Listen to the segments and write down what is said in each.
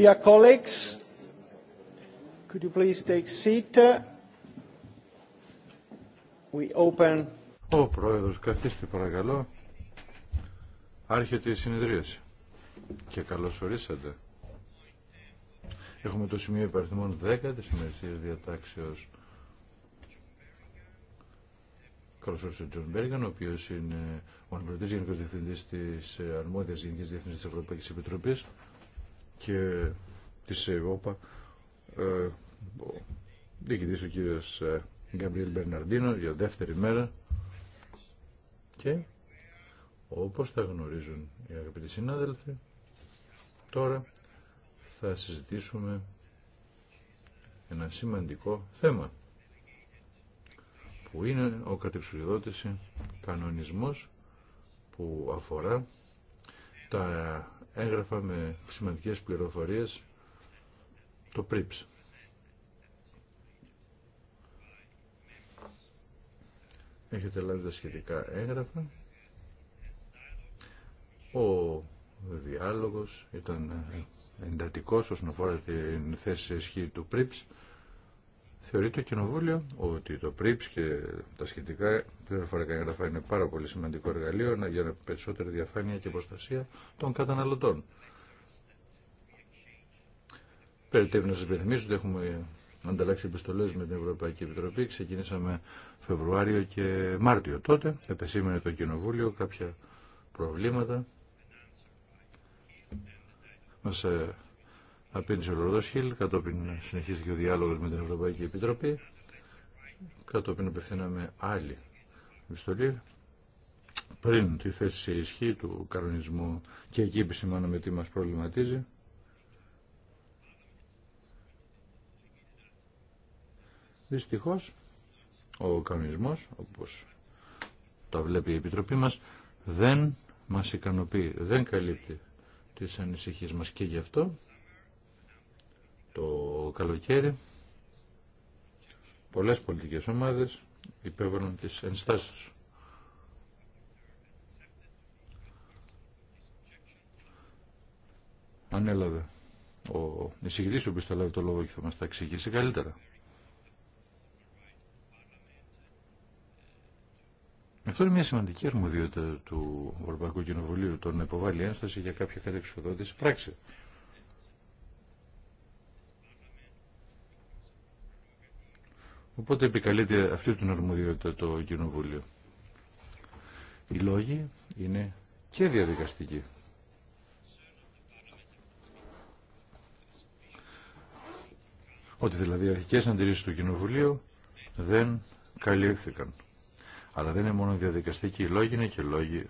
Dear colleagues, could you please take seat? We open... Ο Πρόεδρος, καθίστε παρακαλώ. Άρχεται η συνεδρίαση. Και καλώς ορίσατε. Έχουμε το σημείο υπαριθμών 10 της ημερησίας διατάξεως. Καλώς ορίσατε τον Τζον Μπέργαν, ο οποίος είναι ο Αναπληρωτής Γενικός Διευθυντής της ε, Αρμόδιας Γενικής Διευθυντής της Ευρωπαϊκής Επιτροπής και της ΕΟΠΑ ε, ο διοικητής ο κύριος ε, Μπερναρντίνο για δεύτερη μέρα και όπως τα γνωρίζουν οι αγαπητοί συνάδελφοι τώρα θα συζητήσουμε ένα σημαντικό θέμα που είναι ο κατεξουδότηση κανονισμός που αφορά τα έγγραφα με σημαντικές πληροφορίες, το PRIPS. Έχετε λάβει τα σχετικά έγγραφα. Ο διάλογος ήταν εντατικός όσον αφορά την θέση ισχύ του PRIPS θεωρεί το Κοινοβούλιο ότι το ΠΡΙΠΣ και τα σχετικά πληροφορικά έγγραφα είναι πάρα πολύ σημαντικό εργαλείο για περισσότερη διαφάνεια και προστασία των καταναλωτών. Περιτεύει να σα υπενθυμίσω ότι έχουμε ανταλλάξει επιστολέ με την Ευρωπαϊκή Επιτροπή. Ξεκινήσαμε Φεβρουάριο και Μάρτιο τότε. Επεσήμενε το Κοινοβούλιο κάποια προβλήματα. Μας ε, Απήντησε ο Λορδός Χιλ, κατόπιν συνεχίστηκε ο διάλογος με την Ευρωπαϊκή Επιτροπή, κατόπιν απευθύναμε άλλη επιστολή πριν τη θέση σε ισχύ του κανονισμού και εκεί επισημάνομαι τι μας προβληματίζει. Δυστυχώς, ο κανονισμός, όπως τα βλέπει η Επιτροπή μας, δεν μας ικανοποιεί, δεν καλύπτει τις ανησυχίες μας και γι' αυτό το καλοκαίρι πολλές πολιτικές ομάδες υπέβαλαν τις ενστάσεις Ανέλαβε ο εισηγητής ο οποίος θα λάβει το λόγο και θα μας τα εξηγήσει καλύτερα. Αυτό είναι μια σημαντική αρμοδιότητα του Ευρωπαϊκού Κοινοβουλίου, το να υποβάλει ένσταση για κάποια κατεξοδότηση πράξη. Οπότε επικαλείται αυτή την αρμοδιότητα το Κοινοβούλιο. Οι λόγοι είναι και διαδικαστικοί. Ότι δηλαδή οι αρχικές αντιρρήσεις του Κοινοβουλίου δεν καλύφθηκαν. Αλλά δεν είναι μόνο διαδικαστικοί οι λόγοι, είναι και λόγοι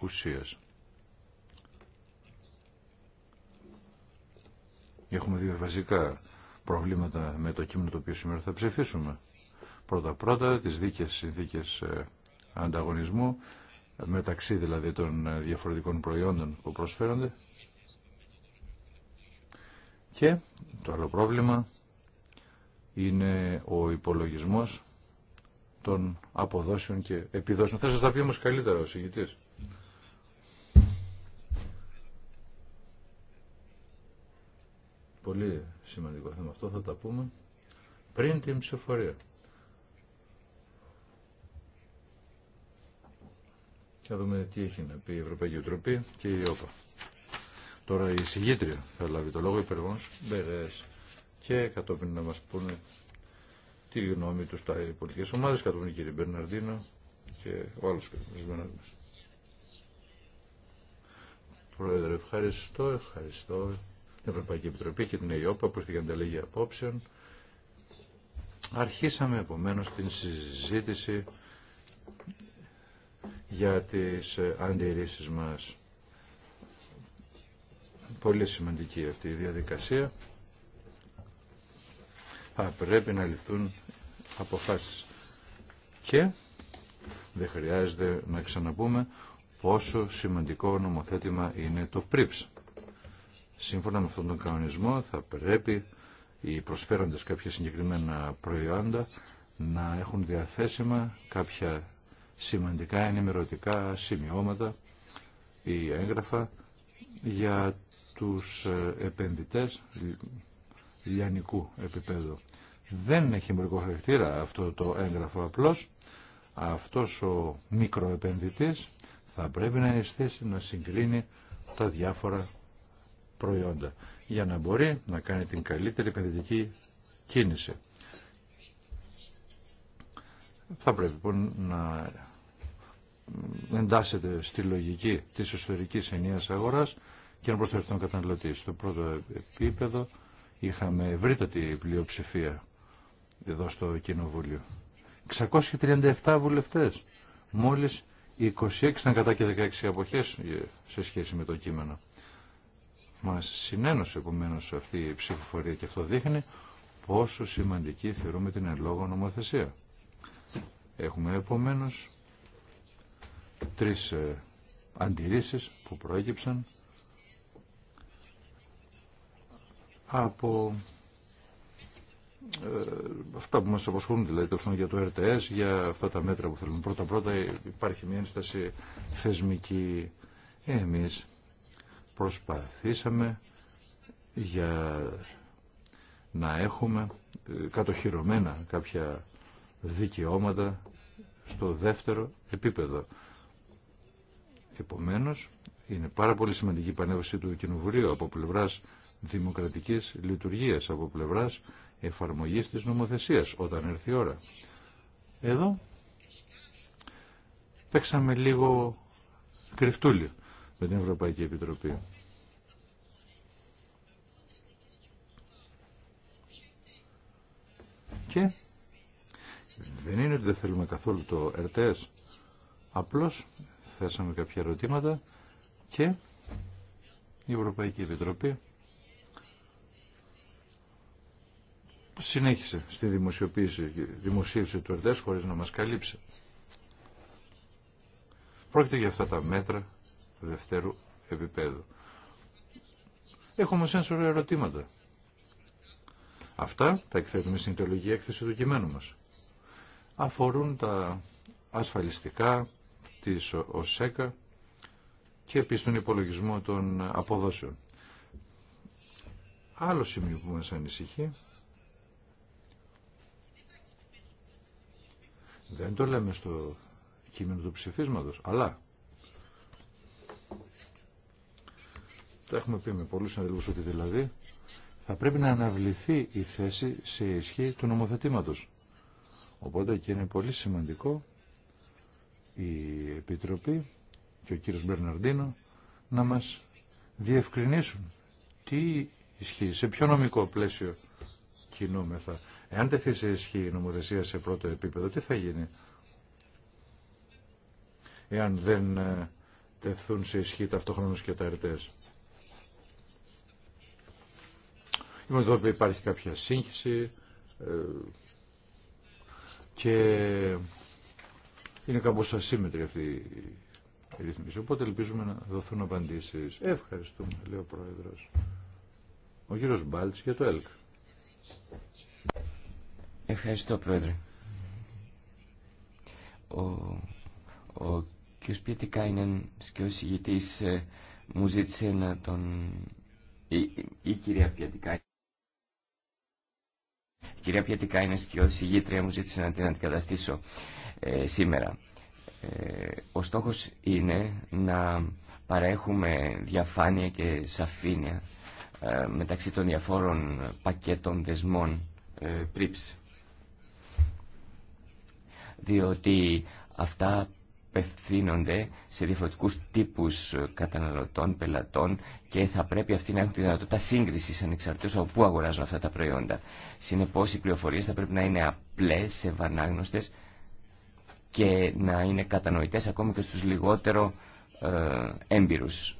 ουσίας. Έχουμε δύο βασικά προβλήματα με το κείμενο το οποίο σήμερα θα ψηφίσουμε. Πρώτα-πρώτα τις δίκαιες συνθήκες ε, ανταγωνισμού, μεταξύ δηλαδή των ε, διαφορετικών προϊόντων που προσφέρονται. Και το άλλο πρόβλημα είναι ο υπολογισμός των αποδόσεων και επιδόσεων. Θα σας τα πει όμως καλύτερα ο συγητής. πολύ σημαντικό θέμα αυτό, θα τα πούμε πριν την ψηφορία. και δούμε τι έχει να πει η Ευρωπαϊκή Επιτροπή και η ΟΠΑ. Τώρα η συγγήτρια θα λάβει το λόγο υπερβόνς Μπερές και κατόπιν να μας πούνε τη γνώμη τους τα πολιτικές ομάδες, κατόπιν η κύριε Μπερναρντίνο και ο άλλος κύριος Μπερναρντίνος. Πρόεδρε, ευχαριστώ, ευχαριστώ την Ευρωπαϊκή Επιτροπή και την ΕΙΟΠΑ προς την ανταλλαγή απόψεων. Αρχίσαμε επομένως την συζήτηση για τις ε, αντιρρήσεις μας. Πολύ σημαντική αυτή η διαδικασία. Θα πρέπει να ληφθούν αποφάσεις. Και δεν χρειάζεται να ξαναπούμε πόσο σημαντικό νομοθέτημα είναι το PRIPS. Σύμφωνα με αυτόν τον κανονισμό θα πρέπει οι προσφέροντες κάποια συγκεκριμένα προϊόντα να έχουν διαθέσιμα κάποια σημαντικά ενημερωτικά σημειώματα ή έγγραφα για τους ε, επενδυτές λιανικού επίπεδου. Δεν έχει εμπορικό χαρακτήρα αυτό το έγγραφο απλώς. Αυτός ο μικροεπενδυτής θα πρέπει να είναι να συγκρίνει τα διάφορα προϊόντα για να μπορεί να κάνει την καλύτερη επενδυτική κίνηση. Θα πρέπει λοιπόν να εντάσσεται στη λογική της ιστορικής ενίας αγοράς και να προστατεύει τον καταναλωτή. Στο πρώτο επίπεδο είχαμε ευρύτατη πλειοψηφία εδώ στο Κοινοβούλιο. 637 βουλευτές, μόλις 26 ήταν κατά και 16 αποχές σε σχέση με το κείμενο. Μα συνένωσε επομένω αυτή η ψηφοφορία και αυτό δείχνει πόσο σημαντική θεωρούμε την ελόγω νομοθεσία. Έχουμε επομένω τρεις ε, αντιρρήσεις που προέκυψαν από ε, αυτά που μας αποσχολούν δηλαδή για το RTS, για αυτά τα μέτρα που θέλουμε. Πρώτα-πρώτα υπάρχει μια ένσταση θεσμική. Εμείς προσπαθήσαμε για να έχουμε ε, κατοχυρωμένα κάποια δικαιώματα στο δεύτερο επίπεδο. Επομένως, είναι πάρα πολύ σημαντική η πανέβαση του Κοινοβουλίου από πλευράς δημοκρατικής λειτουργίας, από πλευράς εφαρμογής της νομοθεσίας όταν έρθει η ώρα. Εδώ παίξαμε λίγο κρυφτούλιο με την Ευρωπαϊκή Επιτροπή. Και δεν είναι ότι δεν θέλουμε καθόλου το ΕΡΤΕΣ. Απλώς θέσαμε κάποια ερωτήματα και η Ευρωπαϊκή Επιτροπή συνέχισε στη δημοσιοποίηση, δημοσίευση του ΕΡΤΕΣ χωρίς να μας καλύψει. Πρόκειται για αυτά τα μέτρα δευτέρου επίπεδου. Έχω όμω ένα ερωτήματα. Αυτά τα εκθέτουμε στην τελογική έκθεση του κειμένου μας. Αφορούν τα ασφαλιστικά της ΟΣΕΚΑ και επίσης τον υπολογισμό των αποδόσεων. Άλλο σημείο που μας ανησυχεί δεν το λέμε στο κείμενο του ψηφίσματος, αλλά Το έχουμε πει με πολλούς συναδελφούς ότι δηλαδή θα πρέπει να αναβληθεί η θέση σε ισχύ του νομοθετήματος. Οπότε και είναι πολύ σημαντικό η Επιτροπή και ο κύριος Μπερναρντίνο να μας διευκρινίσουν τι ισχύει, σε ποιο νομικό πλαίσιο κινούμεθα. Εάν τεθεί σε ισχύ η νομοθεσία σε πρώτο επίπεδο, τι θα γίνει. Εάν δεν ε, τεθούν σε ισχύ ταυτόχρονα και τα Είμαι εδώ που υπάρχει κάποια σύγχυση ε, και είναι κάπως ασύμμετρη αυτή η ρύθμιση. Οπότε ελπίζουμε να δοθούν απαντήσεις. Ευχαριστούμε, λέει ο Πρόεδρος. Ο κύριος Μπάλτς για το ΕΛΚ. Ευχαριστώ, Πρόεδρε. Ο, ο κ. Πιετικάινεν και ο συγητής ε, μου ζήτησε να τον... Η, η, η κυρία Πιετικάινεν κυρία Πιατικά είναι σκιώδη ηγήτρια μου ζήτησε να την αντικαταστήσω ε, σήμερα. Ε, ο στόχος είναι να παρέχουμε διαφάνεια και σαφήνεια ε, μεταξύ των διαφόρων πακέτων δεσμών ε, Διότι αυτά απευθύνονται σε διαφορετικούς τύπους ε, καταναλωτών, πελατών και θα πρέπει αυτοί να έχουν τη δυνατότητα σύγκριση ανεξαρτήτως από πού αγοράζουν αυτά τα προϊόντα. Συνεπώς οι πληροφορίες θα πρέπει να είναι απλές, ευανάγνωστες και να είναι κατανοητές ακόμα και στους λιγότερο ε, έμπειρους.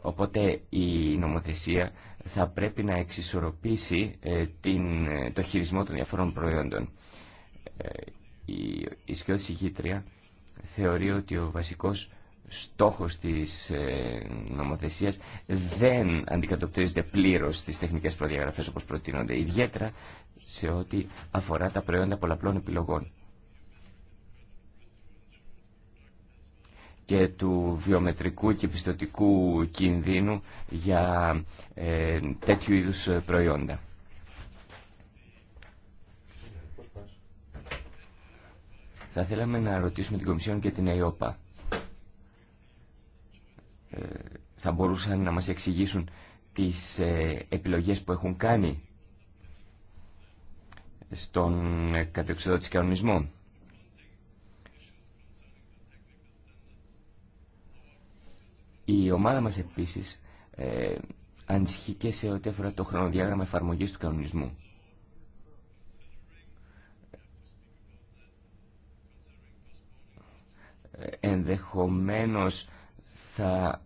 Οπότε η νομοθεσία θα πρέπει να εξισορροπήσει ε, την, ε, το χειρισμό των διαφόρων προϊόντων. Ε, η η σκιώδηση γήτρια θεωρεί ότι ο βασικός στόχος της ε, νομοθεσίας δεν αντικατοπτρίζεται πλήρως στις τεχνικές προδιαγραφές όπως προτείνονται, ιδιαίτερα σε ό,τι αφορά τα προϊόντα πολλαπλών επιλογών και του βιομετρικού και πιστοτικού κινδύνου για ε, τέτοιου είδους προϊόντα. Θα θέλαμε να ρωτήσουμε την Κομισιόν και την ΕΙΟΠΑ. Ε, θα μπορούσαν να μας εξηγήσουν τις ε, επιλογές που έχουν κάνει στον ε, κατεξοδότης κανονισμό. Η ομάδα μας επίσης ε, ανησυχεί και σε ό,τι αφορά το χρονοδιάγραμμα εφαρμογής του κανονισμού. ενδεχομένως θα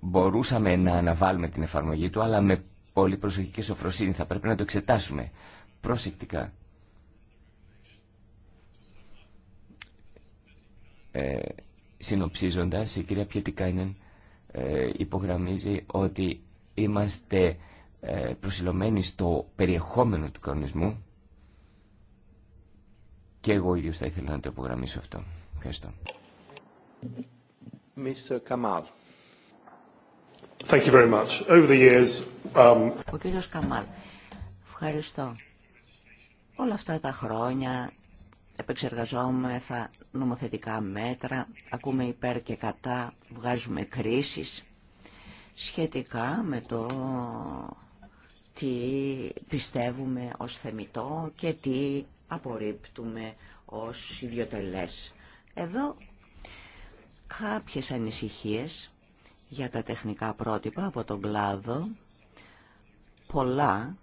μπορούσαμε να αναβάλουμε την εφαρμογή του, αλλά με πολύ προσοχή σοφροσύνη θα πρέπει να το εξετάσουμε προσεκτικά. Ε, συνοψίζοντας, η κυρία Πιετικάινεν ε, υπογραμμίζει ότι είμαστε ε, προσιλωμένοι στο περιεχόμενο του κανονισμού και εγώ ίδιος θα ήθελα να το υπογραμμίσω αυτό. Ευχαριστώ. Um, Ο κύριος Καμάλ, ευχαριστώ. Όλα αυτά τα χρόνια επεξεργαζόμεθα νομοθετικά μέτρα, ακούμε υπέρ και κατά, βγάζουμε κρίσεις σχετικά με το τι πιστεύουμε ως θεμητό και τι απορρίπτουμε ως ιδιωτελές. Εδώ κάποιες ανησυχίες για τα τεχνικά πρότυπα από τον κλάδο, πολλά,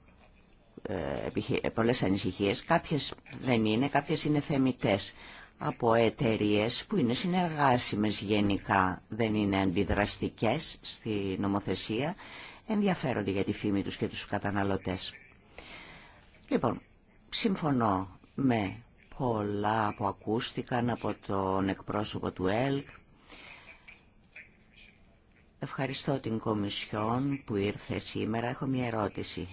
ε, πολλές ανησυχίες, κάποιες δεν είναι, κάποιες είναι θεμητές από εταιρείε που είναι συνεργάσιμες γενικά, δεν είναι αντιδραστικές στη νομοθεσία, ενδιαφέρονται για τη φήμη τους και τους καταναλωτές. Λοιπόν, συμφωνώ με πολλά που ακούστηκαν από τον εκπρόσωπο του ΕΛΚ. Ευχαριστώ την Κομισιόν που ήρθε σήμερα. Έχω μια ερώτηση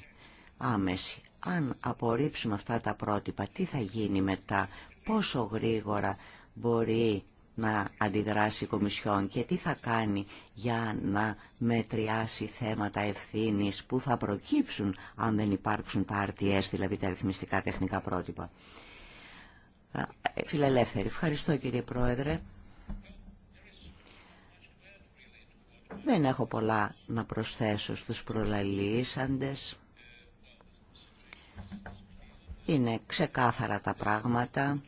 άμεση. Αν απορρίψουμε αυτά τα πρότυπα, τι θα γίνει μετά, πόσο γρήγορα μπορεί να αντιδράσει η Κομισιόν και τι θα κάνει για να μετριάσει θέματα ευθύνης που θα προκύψουν αν δεν υπάρξουν τα RTS, δηλαδή τα αριθμιστικά τεχνικά πρότυπα. Ε, Φιλελεύθερη, ευχαριστώ κύριε Πρόεδρε. Δεν έχω πολλά να προσθέσω στους προλαλήσαντες. Είναι ξεκάθαρα τα πράγματα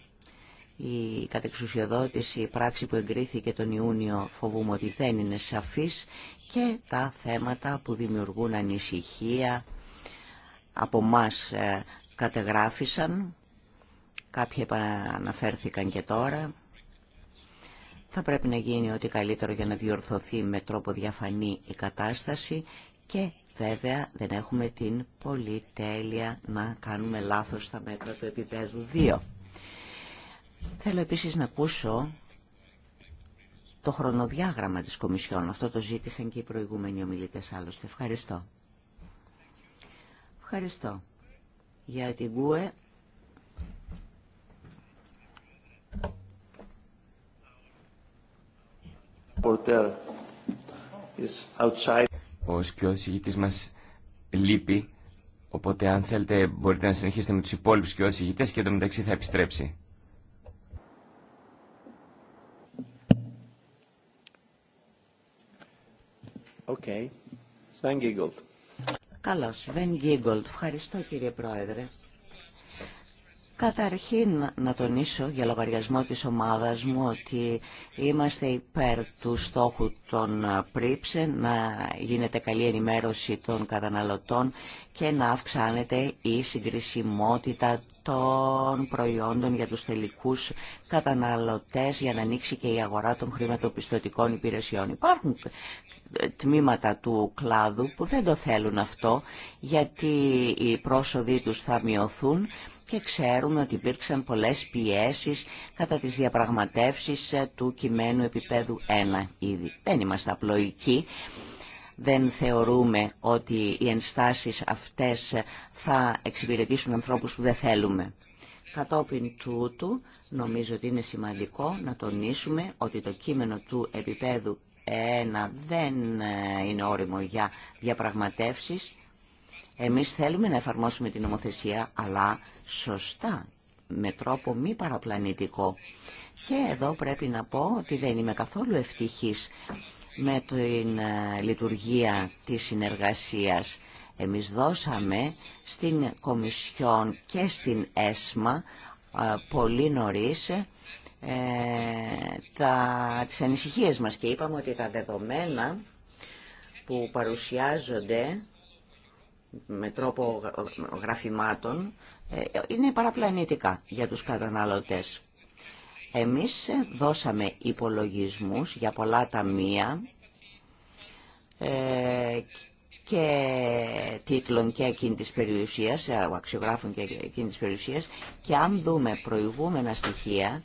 η κατεξουσιοδότηση η πράξη που εγκρίθηκε τον Ιούνιο φοβούμαι ότι δεν είναι σαφής και τα θέματα που δημιουργούν ανησυχία από μας ε, κατεγράφησαν, κάποιοι επαναφέρθηκαν και τώρα. Θα πρέπει να γίνει ό,τι καλύτερο για να διορθωθεί με τρόπο διαφανή η κατάσταση και βέβαια δεν έχουμε την πολυτέλεια να κάνουμε λάθος στα μέτρα του επίπεδου 2. Θέλω επίσης να ακούσω το χρονοδιάγραμμα της Κομισιόν. Αυτό το ζήτησαν και οι προηγούμενοι ομιλητές άλλωστε. Ευχαριστώ. Ευχαριστώ. Για την ΚΟΕ. Ο σκιώδης μας λείπει, οπότε αν θέλετε μπορείτε να συνεχίσετε με τους υπόλοιπους σκιώδης ηγητές και μεταξύ θα επιστρέψει. Okay. Sven Giegold. Καλώς, Sven Giegold. Ευχαριστώ κύριε Πρόεδρε. Καταρχήν να τονίσω για λογαριασμό της ομάδας μου ότι είμαστε υπέρ του στόχου των πρίψε να γίνεται καλή ενημέρωση των καταναλωτών και να αυξάνεται η συγκρισιμότητα των προϊόντων για τους τελικούς καταναλωτές για να ανοίξει και η αγορά των χρηματοπιστωτικών υπηρεσιών. Υπάρχουν τμήματα του κλάδου που δεν το θέλουν αυτό γιατί οι πρόσοδοι τους θα μειωθούν και ξέρουμε ότι υπήρξαν πολλές πιέσεις κατά τις διαπραγματεύσεις ε, του κειμένου επίπεδου 1 ήδη. Δεν είμαστε απλοϊκοί. Δεν θεωρούμε ότι οι ενστάσεις αυτές ε, θα εξυπηρετήσουν ανθρώπους που δεν θέλουμε. Κατόπιν τούτου, νομίζω ότι είναι σημαντικό να τονίσουμε ότι το κείμενο του επίπεδου 1 δεν ε, είναι όριμο για διαπραγματεύσεις εμείς θέλουμε να εφαρμόσουμε την νομοθεσία, αλλά σωστά, με τρόπο μη παραπλανητικό. Και εδώ πρέπει να πω ότι δεν είμαι καθόλου ευτυχής με την ε, λειτουργία της συνεργασίας. Εμείς δώσαμε στην Κομισιόν και στην ΕΣΜΑ ε, πολύ νωρίς ε, τα, τις ανησυχίες μας και είπαμε ότι τα δεδομένα που παρουσιάζονται με τρόπο γραφημάτων ε, είναι παραπλανητικά για τους καταναλωτές. Εμείς δώσαμε υπολογισμούς για πολλά ταμεία ε, και τίτλων και εκείνη της περιουσίας, ε, αξιογράφων και εκείνη της περιουσίας και αν δούμε προηγούμενα στοιχεία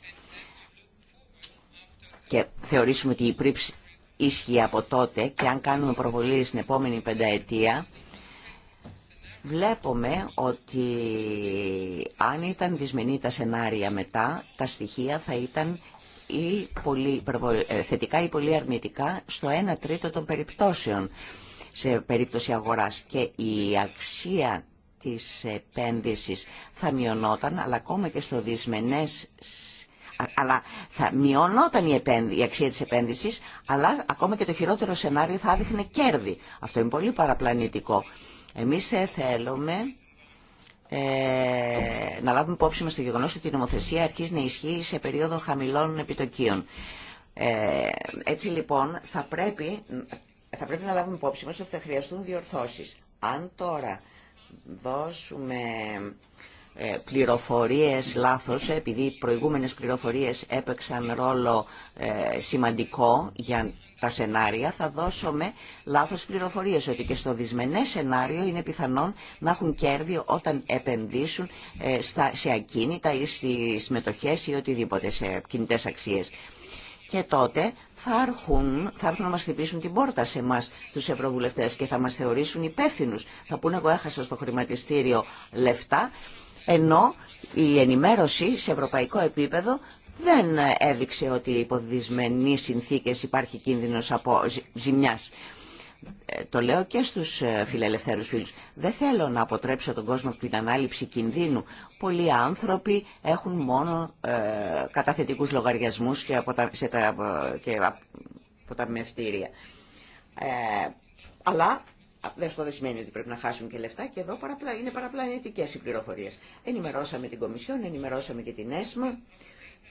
και θεωρήσουμε ότι η πρίψη ίσχυε από τότε και αν κάνουμε προβολή στην επόμενη πενταετία Βλέπουμε ότι αν ήταν δυσμενή τα σενάρια μετά, τα στοιχεία θα ήταν ή πολύ, ε, θετικά ή πολύ αρνητικά στο 1 τρίτο των περιπτώσεων σε περίπτωση αγοράς και η αξία της επένδυσης θα μειωνόταν αλλά ακόμα και στο δυσμενές αλλά θα μειωνόταν η, επένδυ, η αξία της επένδυσης αλλά ακόμα και το χειρότερο σενάριο θα άδειχνε κέρδη. Αυτό είναι πολύ παραπλανητικό. Εμείς ε, θέλουμε ε, να λάβουμε υπόψη μας το γεγονός ότι η νομοθεσία αρχίζει να ισχύει σε περίοδο χαμηλών επιτοκίων. Ε, έτσι λοιπόν θα πρέπει, θα πρέπει να λάβουμε υπόψη μας ότι θα χρειαστούν διορθώσεις. Αν τώρα δώσουμε ε, πληροφορίες λάθος, επειδή οι προηγούμενες πληροφορίες έπαιξαν ρόλο ε, σημαντικό για τα σενάρια θα δώσουμε λάθος πληροφορίες ότι και στο δυσμενές σενάριο είναι πιθανόν να έχουν κέρδη όταν επενδύσουν ε, σε ακίνητα ή στις μετοχές ή οτιδήποτε σε κινητές αξίες. Και τότε θα έρθουν, θα να μας χτυπήσουν την πόρτα σε εμά τους ευρωβουλευτές και θα μας θεωρήσουν υπεύθυνου. Θα πούνε εγώ έχασα στο χρηματιστήριο λεφτά, ενώ η ενημέρωση σε ευρωπαϊκό επίπεδο δεν έδειξε ότι υπό δυσμενείς συνθήκες υπάρχει κίνδυνος από ζημιάς. Ε, το λέω και στους ε, φιλελευθέρους φίλους. Δεν θέλω να αποτρέψω τον κόσμο από την ανάληψη κινδύνου. Πολλοί άνθρωποι έχουν μόνο ε, καταθετικούς λογαριασμούς και, από σε τα... Ε, και Ε, αλλά αυτό δεν σημαίνει ότι πρέπει να χάσουν και λεφτά και εδώ παραπλα... είναι παραπλανητικές οι πληροφορίες. Ενημερώσαμε την Κομισιόν, ενημερώσαμε και την ΕΣΜΑ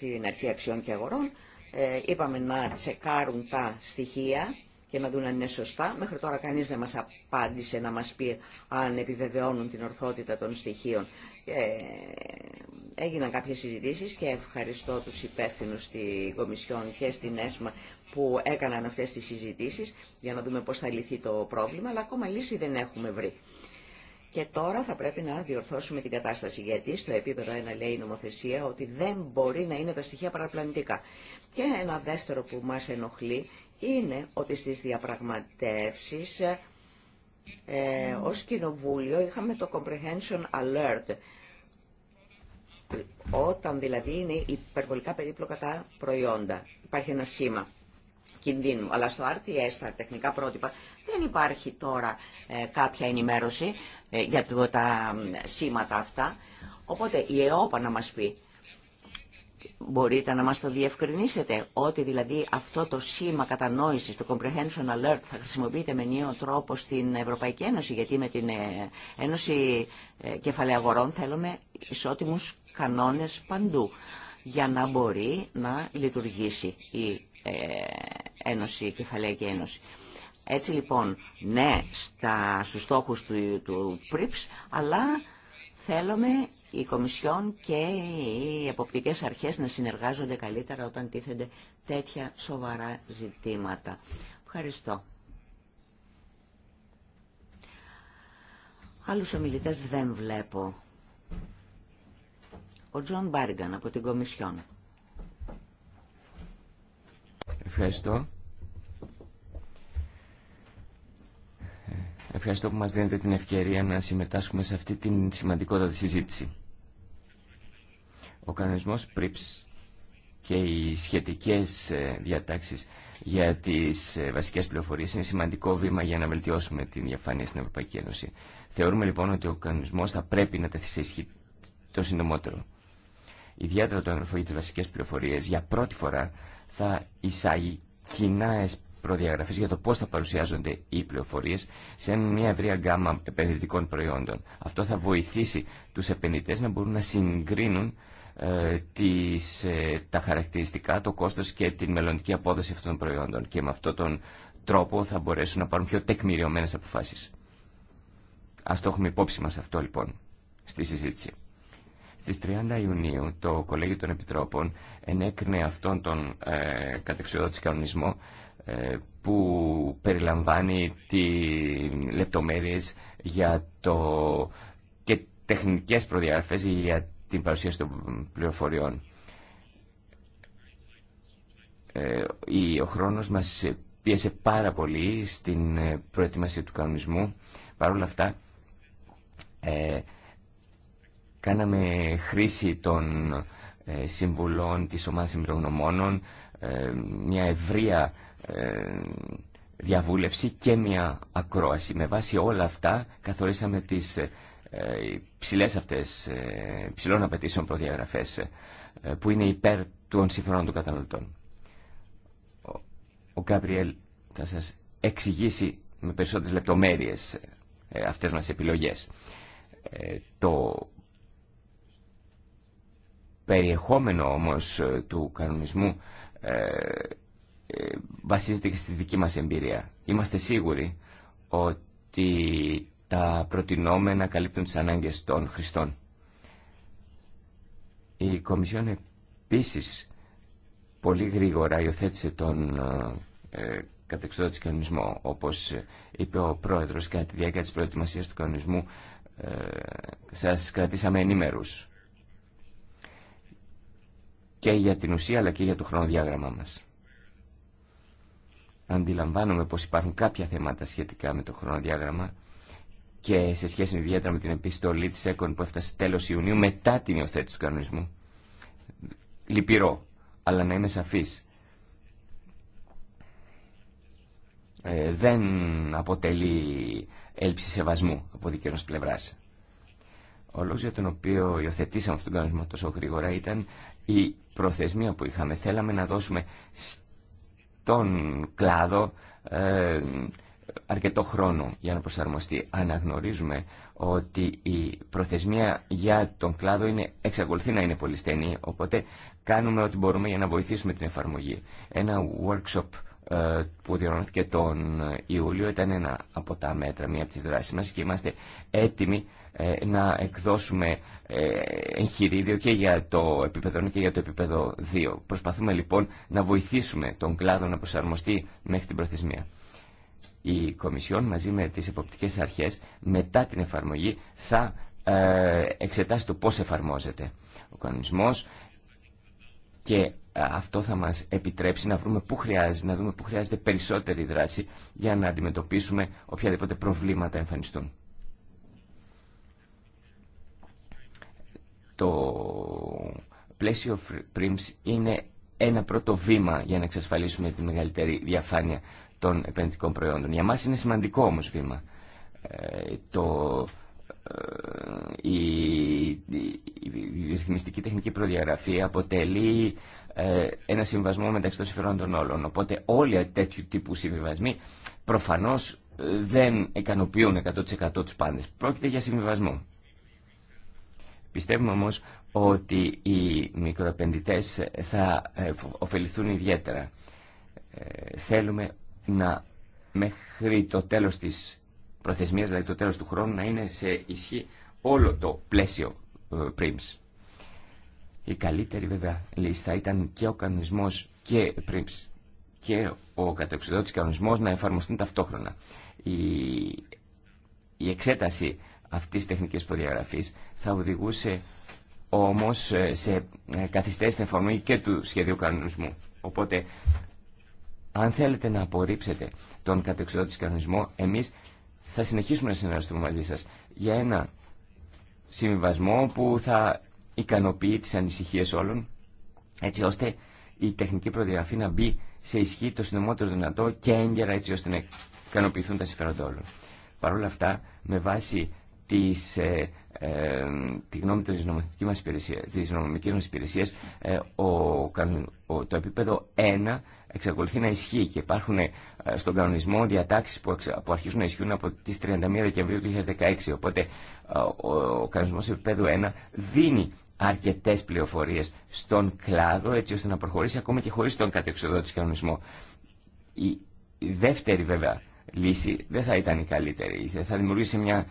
την αρχή αξιών και αγορών. Ε, είπαμε να τσεκάρουν τα στοιχεία και να δουν αν είναι σωστά. Μέχρι τώρα κανείς δεν μας απάντησε να μας πει αν επιβεβαιώνουν την ορθότητα των στοιχείων. Ε, έγιναν κάποιες συζητήσεις και ευχαριστώ τους υπεύθυνους στη Κομισιόν και στην ΕΣΜΑ που έκαναν αυτές τις συζητήσεις για να δούμε πώς θα λυθεί το πρόβλημα, αλλά ακόμα λύση δεν έχουμε βρει. Και τώρα θα πρέπει να διορθώσουμε την κατάσταση, γιατί στο επίπεδο 1 λέει η νομοθεσία ότι δεν μπορεί να είναι τα στοιχεία παραπλανητικά. Και ένα δεύτερο που μας ενοχλεί είναι ότι στις διαπραγματεύσεις ε, ως κοινοβούλιο είχαμε το Comprehension Alert, όταν δηλαδή είναι υπερβολικά περίπλοκα τα προϊόντα. Υπάρχει ένα σήμα κινδύνου. Αλλά στο RTS, τα τεχνικά πρότυπα, δεν υπάρχει τώρα ε, κάποια ενημέρωση ε, για το, τα σήματα αυτά. Οπότε η ΕΟΠΑ να μας πει, μπορείτε να μας το διευκρινίσετε, ότι δηλαδή αυτό το σήμα κατανόησης, το Comprehension Alert, θα χρησιμοποιείται με νέο τρόπο στην Ευρωπαϊκή Ένωση, γιατί με την ε, Ένωση ε, Κεφαλαίου Αγορών θέλουμε ισότιμους κανόνες παντού για να μπορεί να λειτουργήσει η ε, Ένωση, Κεφαλαϊκή Ένωση. Έτσι λοιπόν, ναι στα, στους στόχους του, του ΠΡΙΠΣ, αλλά θέλουμε η Κομισιόν και οι εποπτικές αρχές να συνεργάζονται καλύτερα όταν τίθενται τέτοια σοβαρά ζητήματα. Ευχαριστώ. Άλλους ομιλητές δεν βλέπω. Ο Τζον Μπάριγκαν από την Κομισιόν. Ευχαριστώ. Ευχαριστώ που μας δίνετε την ευκαιρία να συμμετάσχουμε σε αυτή την σημαντικότατη συζήτηση. Ο κανονισμός ΠΡΙΠΣ και οι σχετικές ε, διατάξεις για τις ε, βασικές πληροφορίες είναι σημαντικό βήμα για να βελτιώσουμε την διαφάνεια στην Ευρωπαϊκή Ένωση. Θεωρούμε λοιπόν ότι ο κανονισμός θα πρέπει να τεθεί σε ισχύ το συντομότερο. Ιδιαίτερα το αναφορεί τις βασικές πληροφορίες για πρώτη φορά θα εισάγει κοινά προδιαγραφές για το πώς θα παρουσιάζονται οι πληροφορίες σε μια ευρεία γκάμα επενδυτικών προϊόντων. Αυτό θα βοηθήσει τους επενδυτές να μπορούν να συγκρίνουν ε, τις, ε, τα χαρακτηριστικά, το κόστος και την μελλοντική απόδοση αυτών των προϊόντων και με αυτόν τον τρόπο θα μπορέσουν να πάρουν πιο τεκμηριωμένες αποφάσεις. Ας το έχουμε υπόψη μας αυτό λοιπόν στη συζήτηση. Στις 30 Ιουνίου το Κολέγιο των Επιτρόπων ενέκρινε αυτόν τον ε, κατεξιόδοτη κανονισμό ε, που περιλαμβάνει τι λεπτομέρειες για το, και τεχνικές προδιάρφες για την παρουσίαση των πληροφοριών. Ε, ο χρόνος μας πίεσε πάρα πολύ στην ε, προετοιμασία του κανονισμού. Παρ' όλα αυτά, Κάναμε χρήση των ε, συμβουλών της ομάδας συμπρογνωμόνων, ε, μια ευρεία ε, διαβούλευση και μια ακρόαση. Με βάση όλα αυτά καθορίσαμε τις ψηλές αυτές, ψηλών απαιτήσεων προδιαγραφές που είναι υπέρ των συμφωνών των καταναλωτών. Ο Γκάμπριελ θα σας εξηγήσει με περισσότερες λεπτομέρειες αυτές μας επιλογές. Το περιεχόμενο όμως ε, του κανονισμού ε, ε, βασίζεται και στη δική μας εμπειρία. Είμαστε σίγουροι ότι τα προτινόμενα καλύπτουν τις ανάγκες των χρηστών. Η Κομισιόν επίσης πολύ γρήγορα υιοθέτησε τον ε, κατεξόδοτης κανονισμό. Όπως είπε ο Πρόεδρος κατά τη διάρκεια της προετοιμασίας του κανονισμού ε, σας κρατήσαμε ενήμερους και για την ουσία αλλά και για το χρονοδιάγραμμά μας. Αντιλαμβάνομαι πως υπάρχουν κάποια θέματα σχετικά με το χρονοδιάγραμμα και σε σχέση ιδιαίτερα με την επιστολή της ΕΚΟΝ που έφτασε τέλος Ιουνίου μετά την υιοθέτηση του κανονισμού. Λυπηρό, αλλά να είμαι σαφής. Ε, δεν αποτελεί έλψη σεβασμού από δικαίωνος πλευράς. Ο λόγος για τον οποίο υιοθετήσαμε αυτόν τον κανονισμό τόσο γρήγορα ήταν η προθεσμία που είχαμε. Θέλαμε να δώσουμε στον κλάδο ε, αρκετό χρόνο για να προσαρμοστεί. Αναγνωρίζουμε ότι η προθεσμία για τον κλάδο είναι, εξακολουθεί να είναι πολύ στενή, οπότε κάνουμε ό,τι μπορούμε για να βοηθήσουμε την εφαρμογή. Ένα workshop ε, που διοργανώθηκε τον Ιούλιο ήταν ένα από τα μέτρα, μία από τις δράσεις μας και είμαστε έτοιμοι ε, να εκδώσουμε ε, εγχειρίδιο και για το επίπεδο 1 και για το επίπεδο 2. Προσπαθούμε λοιπόν να βοηθήσουμε τον κλάδο να προσαρμοστεί μέχρι την προθεσμία. Η Κομισιόν μαζί με τις εποπτικές αρχές μετά την εφαρμογή θα ε, εξετάσει το πώς εφαρμόζεται ο κανονισμός και αυτό θα μας επιτρέψει να, βρούμε που χρειάζεται, να δούμε πού χρειάζεται περισσότερη δράση για να αντιμετωπίσουμε οποιαδήποτε προβλήματα εμφανιστούν. Το πλαίσιο PRIMS είναι ένα πρώτο βήμα για να εξασφαλίσουμε τη μεγαλύτερη διαφάνεια των επενδυτικών προϊόντων. Για μας είναι σημαντικό όμως βήμα. Ε, το, ε, η, η ρυθμιστική τεχνική προδιαγραφή αποτελεί ε, ένα συμβασμό μεταξύ των συμφερόντων όλων. Οπότε όλοι τέτοιου τύπου συμβιβασμοί προφανώς δεν ικανοποιούν 100% τους πάντες. Πρόκειται για συμβιβασμό. Πιστεύουμε όμως ότι οι μικροεπενδυτές θα ε, ωφεληθούν ιδιαίτερα. Ε, θέλουμε να μέχρι το τέλος της προθεσμίας, δηλαδή το τέλος του χρόνου, να είναι σε ισχύ όλο το πλαίσιο PRIMS. Ε, η καλύτερη βέβαια λίστα ήταν και ο κανονισμός και PRIMS και ο κατεξοδότης κανονισμός να εφαρμοστούν ταυτόχρονα. Η, η εξέταση αυτή τη τεχνική προδιαγραφή θα οδηγούσε όμω ε, σε ε, καθυστέρηση στην εφαρμογή και του σχεδίου κανονισμού. Οπότε, αν θέλετε να απορρίψετε τον κατεξοδότη κανονισμό, εμεί θα συνεχίσουμε να συνεργαστούμε μαζί σα για ένα συμβιβασμό που θα ικανοποιεί τι ανησυχίε όλων, έτσι ώστε η τεχνική προδιαγραφή να μπει σε ισχύ το συντομότερο δυνατό και έγκαιρα έτσι ώστε να ικανοποιηθούν τα συμφέροντα όλων. Παρ' όλα αυτά, με βάση της, ε, ε, τη γνώμη της νομικής μας υπηρεσίας, της νομικής μας ε, ο, ο, το επίπεδο 1 εξακολουθεί να ισχύει και υπάρχουν ε, στον κανονισμό διατάξεις που, αρχίζουν να ισχύουν από τις 31 Δεκεμβρίου του 2016 οπότε ε, ο, κανονισμό κανονισμός επίπεδου 1 δίνει αρκετέ πληροφορίε στον κλάδο, έτσι ώστε να προχωρήσει ακόμα και χωρί τον κατεξοδότη κανονισμό. Η δεύτερη, βέβαια, λύση δεν θα ήταν η καλύτερη. Θα δημιουργήσει μια,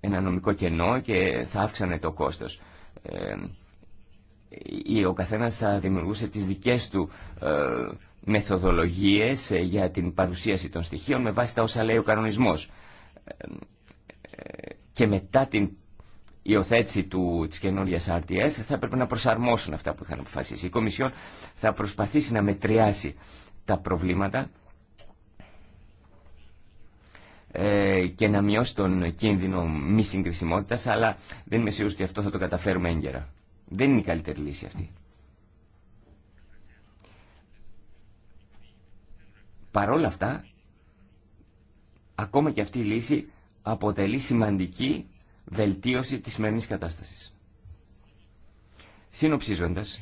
ένα νομικό κενό και θα αύξανε το κόστος. Ε, ο καθένας θα δημιουργούσε τις δικές του ε, μεθοδολογίες ε, για την παρουσίαση των στοιχείων με βάση τα όσα λέει ο κανονισμός. Ε, και μετά την υιοθέτηση του, της καινούργια RTS θα πρέπει να προσαρμόσουν αυτά που είχαν αποφασίσει. Η Κομισιόν θα προσπαθήσει να μετριάσει τα προβλήματα ε, και να μειώσει τον κίνδυνο μη συγκρισιμότητας, αλλά δεν είμαι σίγουρος ότι αυτό θα το καταφέρουμε έγκαιρα. Δεν είναι η καλύτερη λύση αυτή. Παρόλα αυτά, ακόμα και αυτή η λύση αποτελεί σημαντική βελτίωση της σημερινής κατάστασης. Συνοψίζοντας,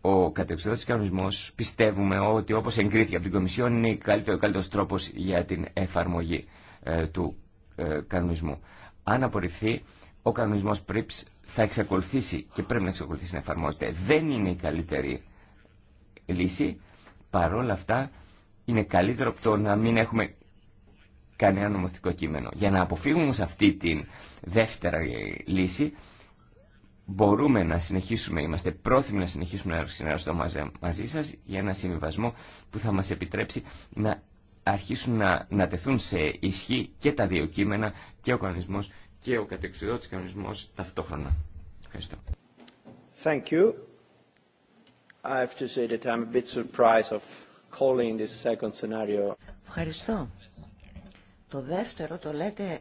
ο κατεξοδότης κανονισμός πιστεύουμε ότι όπως εγκρίθηκε από την Κομισιόν είναι ο καλύτερος τρόπος για την εφαρμογή ε, του ε, κανονισμού. Αν απορριφθεί, ο κανονισμός πρέπει θα εξακολουθήσει και πρέπει να εξακολουθήσει να εφαρμόζεται. Δεν είναι η καλύτερη λύση. Παρόλα αυτά, είναι καλύτερο από το να μην έχουμε κανένα νομοθετικό κείμενο. Για να αποφύγουμε σε αυτή τη δεύτερη λύση, μπορούμε να συνεχίσουμε, είμαστε πρόθυμοι να συνεχίσουμε να συνεργαστώ μαζί σας για ένα συμβιβασμό που θα μας επιτρέψει να αρχίσουν να, να τεθούν σε ισχύ και τα δύο κείμενα, και ο κανονισμός και ο κατεξουδότης κανονισμός ταυτόχρονα. Ευχαριστώ. Thank you. I have to say a bit of calling this second scenario. Ευχαριστώ. Το δεύτερο το λέτε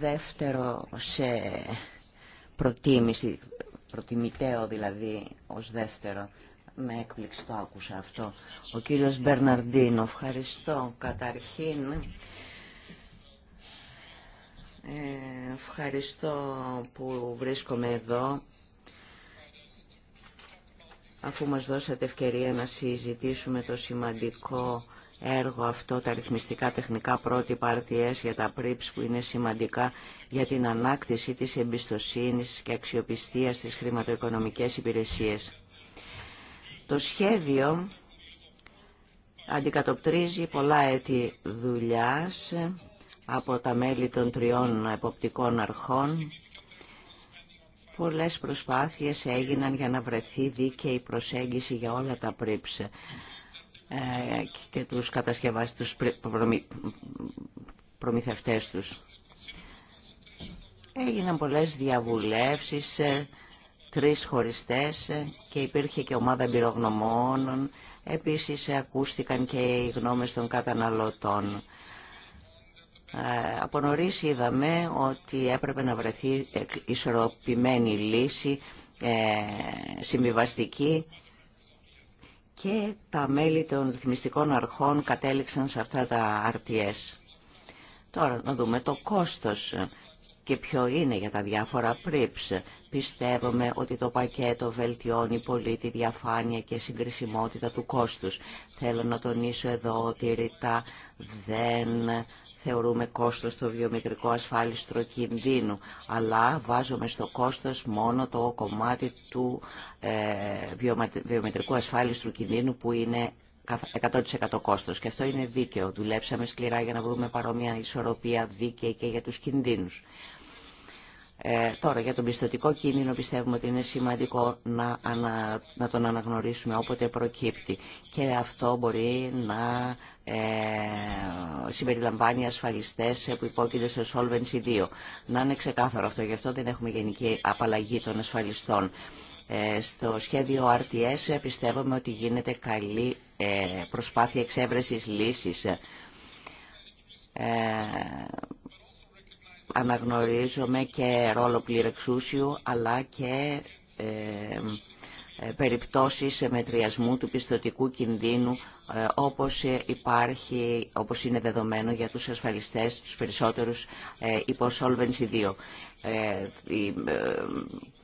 δεύτερο σε προτίμηση, προτιμητέο δηλαδή ως δεύτερο. Με έκπληξη το άκουσα αυτό. Ο κύριος Μπερναρντίνο, ευχαριστώ. Καταρχήν, ε, ευχαριστώ που βρίσκομαι εδώ αφού μας δώσατε ευκαιρία να συζητήσουμε το σημαντικό έργο αυτό, τα ρυθμιστικά τεχνικά πρώτη RTS για τα πρίψ που είναι σημαντικά για την ανάκτηση της εμπιστοσύνης και αξιοπιστίας στις χρηματοοικονομικές υπηρεσίες. Το σχέδιο αντικατοπτρίζει πολλά έτη δουλειάς από τα μέλη των τριών εποπτικών αρχών. Πολλές προσπάθειες έγιναν για να βρεθεί δίκαιη προσέγγιση για όλα τα πρίψε. Ε, και τους κατασκευάστες, τους προμηθευτές τους. Έγιναν πολλές διαβουλεύσεις, ε, τρεις χωριστές ε, και υπήρχε και ομάδα εμπειρογνωμόνων. Επίσης ακούστηκαν και οι γνώμες των καταναλωτών. Από νωρίς είδαμε ότι έπρεπε να βρεθεί ισορροπημένη λύση, συμβιβαστική, και τα μέλη των ρυθμιστικών αρχών κατέληξαν σε αυτά τα RTS. Τώρα να δούμε το κόστος και ποιο είναι για τα διάφορα πρίψ. Πιστεύουμε ότι το πακέτο βελτιώνει πολύ τη διαφάνεια και συγκρισιμότητα του κόστους. Θέλω να τονίσω εδώ ότι ρητά δεν θεωρούμε κόστος το βιομητρικό ασφάλιστρο κινδύνου, αλλά βάζουμε στο κόστος μόνο το κομμάτι του ε, βιομετρικού ασφάλιστρου κινδύνου που είναι 100% κόστος. Και αυτό είναι δίκαιο. Δουλέψαμε σκληρά για να βρούμε παρόμοια ισορροπία δίκαιη και για τους κινδύνους. Ε, τώρα για τον πιστοτικό κίνδυνο πιστεύουμε ότι είναι σημαντικό να, να, να τον αναγνωρίσουμε όποτε προκύπτει και αυτό μπορεί να ε, συμπεριλαμβάνει ασφαλιστές που υπόκεινται στο Solvency 2. Να είναι ξεκάθαρο αυτό, γι' αυτό δεν έχουμε γενική απαλλαγή των ασφαλιστών. Ε, στο σχέδιο RTS πιστεύουμε ότι γίνεται καλή προσπάθεια εξέβρεσης λύσης αναγνωρίζομαι και ρόλο πληρεξούσιου αλλά και ε, ε περιπτώσεις μετριασμού του πιστοτικού κινδύνου ε, όπως ε, υπάρχει, όπως είναι δεδομένο για τους ασφαλιστές, τους περισσότερους ε, υπό Solvency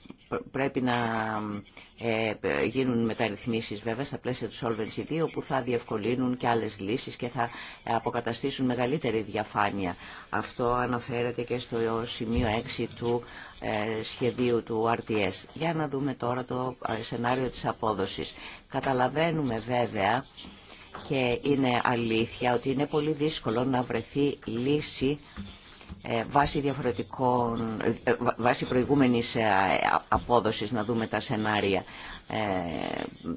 2 πρέπει να ε, γίνουν μεταρρυθμίσεις βέβαια στα πλαίσια του Solvency 2 που θα διευκολύνουν και άλλες λύσεις και θα αποκαταστήσουν μεγαλύτερη διαφάνεια. Αυτό αναφέρεται και στο σημείο 6 του ε, σχεδίου του RTS. Για να δούμε τώρα το ε, σενάριο της απόδοσης. Καταλαβαίνουμε βέβαια και είναι αλήθεια ότι είναι πολύ δύσκολο να βρεθεί λύση ε, βάσει, διαφορετικών, ε, βάσει προηγούμενης ε, απόδοσης να δούμε τα σενάρια.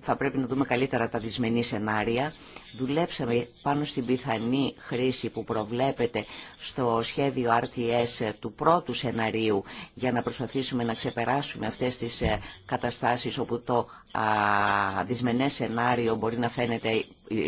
θα πρέπει να δούμε καλύτερα τα δυσμενή σενάρια. Δουλέψαμε πάνω στην πιθανή χρήση που προβλέπεται στο σχέδιο RTS του πρώτου σεναρίου για να προσπαθήσουμε να ξεπεράσουμε αυτές τις καταστάσεις όπου το α δυσμενές σενάριο μπορεί να φαίνεται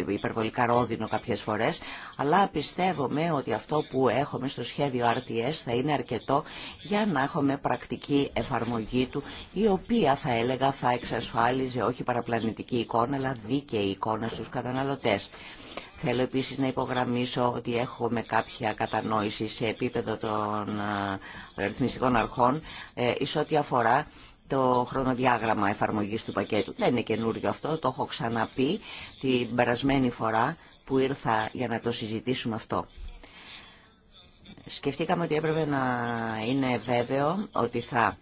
υπερβολικά ρόδινο κάποιες φορές, αλλά πιστεύομαι ότι αυτό που έχουμε στο σχέδιο RTS θα είναι αρκετό για να έχουμε πρακτική εφαρμογή του, η οποία θα έλεγα θα εξασφάλιζε όχι παραπλανητική εικόνα, αλλά δίκαιη εικόνα στους καταναλωτές. Θέλω επίσης να υπογραμμίσω ότι έχουμε κάποια κατανόηση σε επίπεδο των ε, ρυθμιστικών αρχών ε, εις ό,τι αφορά το χρονοδιάγραμμα εφαρμογής του πακέτου. Δεν είναι καινούριο αυτό, το έχω ξαναπεί την περασμένη φορά που ήρθα για να το συζητήσουμε αυτό. Σκεφτήκαμε ότι έπρεπε να είναι βέβαιο ότι θα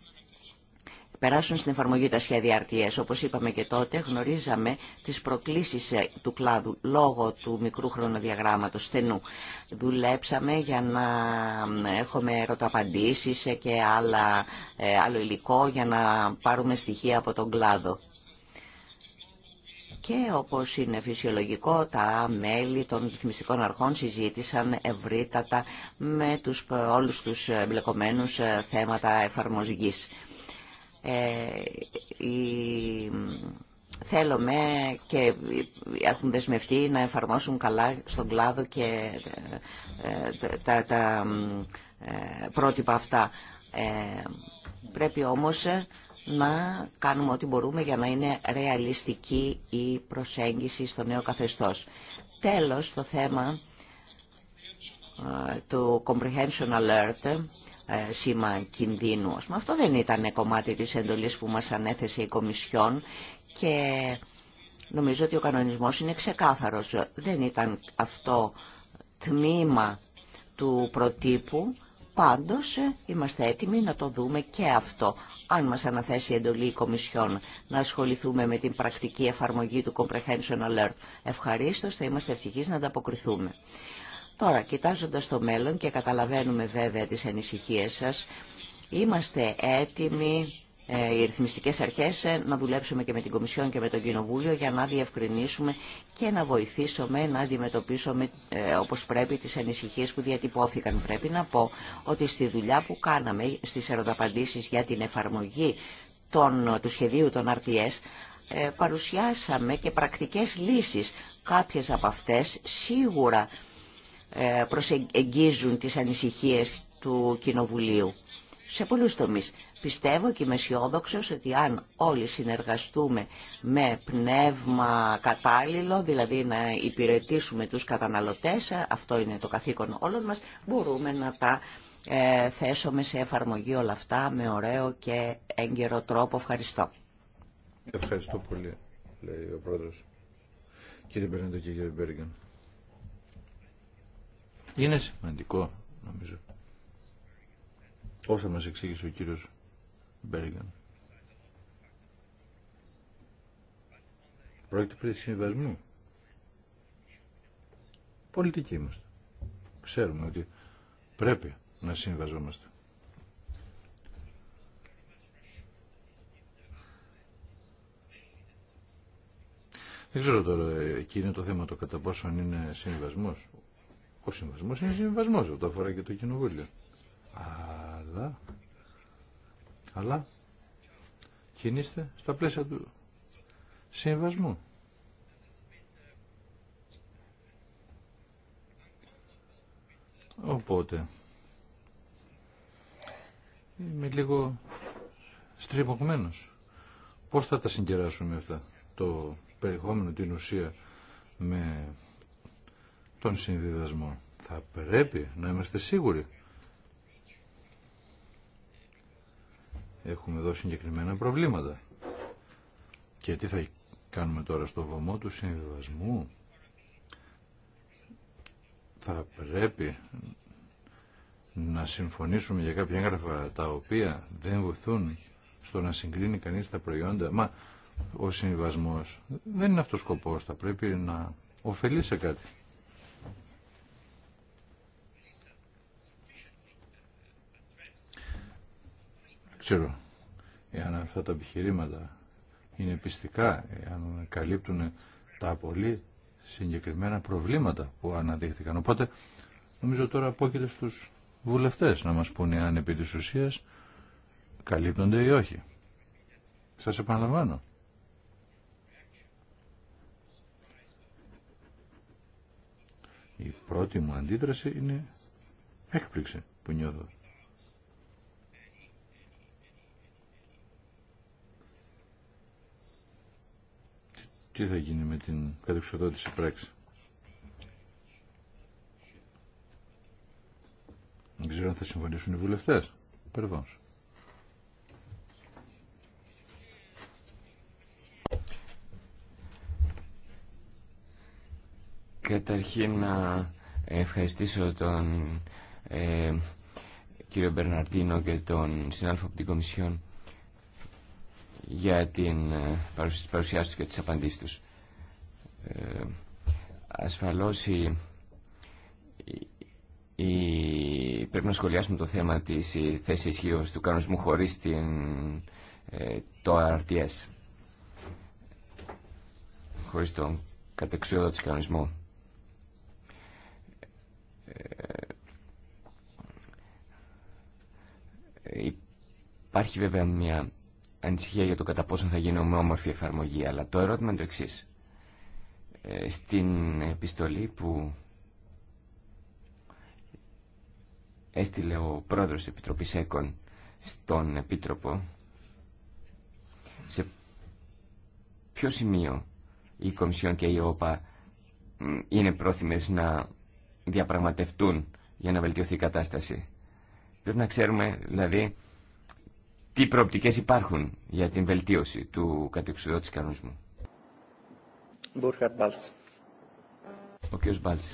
περάσουν στην εφαρμογή τα σχέδια αρτίες. Όπως είπαμε και τότε, γνωρίζαμε τις προκλήσεις ε, του κλάδου λόγω του μικρού χρονοδιαγράμματος στενού. Δουλέψαμε για να ε, έχουμε ερωταπαντήσεις ε, και άλλα, άλλο υλικό για να πάρουμε στοιχεία από τον κλάδο. Και όπως είναι φυσιολογικό, τα μέλη των ρυθμιστικών αρχών συζήτησαν ευρύτατα με τους, όλους τους εμπλεκομένους θέματα εφαρμογής. Ε, θέλουμε και έχουν δεσμευτεί να εφαρμόσουν καλά στον κλάδο και ε, τα, τα ε, πρότυπα αυτά. πρέπει όμως να κάνουμε ό,τι μπορούμε για να είναι ρεαλιστική η προσέγγιση στο νέο καθεστώς. Τέλος, το θέμα του Comprehension Alert, ε, σήμα κινδύνου. αυτό δεν ήταν κομμάτι της εντολής που μας ανέθεσε η Κομισιόν και νομίζω ότι ο κανονισμός είναι ξεκάθαρος. Δεν ήταν αυτό τμήμα του προτύπου, πάντως ε, είμαστε έτοιμοι να το δούμε και αυτό αν μας αναθέσει η εντολή η Κομισιόν να ασχοληθούμε με την πρακτική εφαρμογή του Comprehension Alert. Ευχαρίστως θα είμαστε ευτυχείς να ανταποκριθούμε. Τώρα, κοιτάζοντας το μέλλον και καταλαβαίνουμε βέβαια τις ανησυχίες σας, είμαστε έτοιμοι ε, οι ρυθμιστικέ αρχέ ε, να δουλέψουμε και με την Κομισιόν και με τον Κοινοβούλιο για να διευκρινίσουμε και να βοηθήσουμε να αντιμετωπίσουμε ε, όπω πρέπει τις ανησυχίες που διατυπώθηκαν. Πρέπει να πω ότι στη δουλειά που κάναμε στις ερωταπαντήσεις για την εφαρμογή του σχεδίου των RTS ε, παρουσιάσαμε και πρακτικές λύσεις. Κάποιες από αυτές σίγουρα ε, προσεγγίζουν τις ανησυχίες του Κοινοβουλίου σε πολλούς τομείς. Πιστεύω και είμαι αισιόδοξο ότι αν όλοι συνεργαστούμε με πνεύμα κατάλληλο, δηλαδή να υπηρετήσουμε τους καταναλωτές, ε, αυτό είναι το καθήκον όλων μας, μπορούμε να τα ε, θέσουμε σε εφαρμογή όλα αυτά με ωραίο και έγκαιρο τρόπο. Ευχαριστώ. Ευχαριστώ πολύ, λέει ο πρόεδρος. Κύριε Περνέντο και κύριε είναι σημαντικό, νομίζω, όσα μας εξήγησε ο κύριος Μπέργαν. Πρόκειται περί συμβασμού. Πολιτικοί είμαστε. Ξέρουμε ότι πρέπει να συμβαζόμαστε. Δεν ξέρω τώρα, ε, εκεί είναι το θέμα το κατά πόσο είναι συμβασμός. Ο συμβασμό είναι συμβασμό, αυτό αφορά και το κοινοβούλιο. Αλλά, αλλά κινείστε στα πλαίσια του συμβασμού. Οπότε, είμαι λίγο στριμωγμένος. Πώς θα τα συγκεράσουμε αυτά, το περιεχόμενο, την ουσία, με τον συμβιβασμό. Θα πρέπει να είμαστε σίγουροι. Έχουμε εδώ συγκεκριμένα προβλήματα. Και τι θα κάνουμε τώρα στο βωμό του συμβιβασμού. Θα πρέπει να συμφωνήσουμε για κάποια έγγραφα τα οποία δεν βοηθούν στο να συγκρίνει κανείς τα προϊόντα. Μα ο συμβιβασμός δεν είναι αυτός ο σκοπός. Θα πρέπει να ωφελεί σε κάτι. ξέρω εάν αυτά τα επιχειρήματα είναι πιστικά, εάν καλύπτουν τα πολύ συγκεκριμένα προβλήματα που αναδείχθηκαν. Οπότε νομίζω τώρα απόκειται στους βουλευτές να μας πούνε αν επί της ουσίας καλύπτονται ή όχι. Σας επαναλαμβάνω. Η πρώτη μου αντίδραση είναι έκπληξη που νιώθω. τι θα γίνει με την κατεξοδότηση πράξη. Δεν ξέρω αν θα συμφωνήσουν οι βουλευτές. Περβάμψω. Καταρχήν να ευχαριστήσω τον ε, κύριο Μπερναρτίνο και τον συνάδελφο από την Κομισιόν για την ε, παρουσιάση του και τις απαντήσεις τους. Ε, ασφαλώς η, πρέπει να σχολιάσουμε το θέμα της θέσης ισχύω του κανονισμού χωρίς την, ε, το RTS, χωρίς τον κατεξίοδο της κανονισμού. Ε, υπάρχει βέβαια μια ανησυχία για το κατά πόσο θα γίνει ομοιόμορφη εφαρμογή. Αλλά το ερώτημα είναι το εξή. Ε, στην επιστολή που έστειλε ο πρόεδρος της Επιτροπής ΕΚΟΝ στον Επίτροπο, σε ποιο σημείο η Κομισιόν και η ΟΠΑ είναι πρόθυμες να διαπραγματευτούν για να βελτιωθεί η κατάσταση. Πρέπει να ξέρουμε, δηλαδή, τι προοπτικές υπάρχουν για την βελτίωση του κατεξουδότης κανονισμού. Ο κ. Μπάλτς.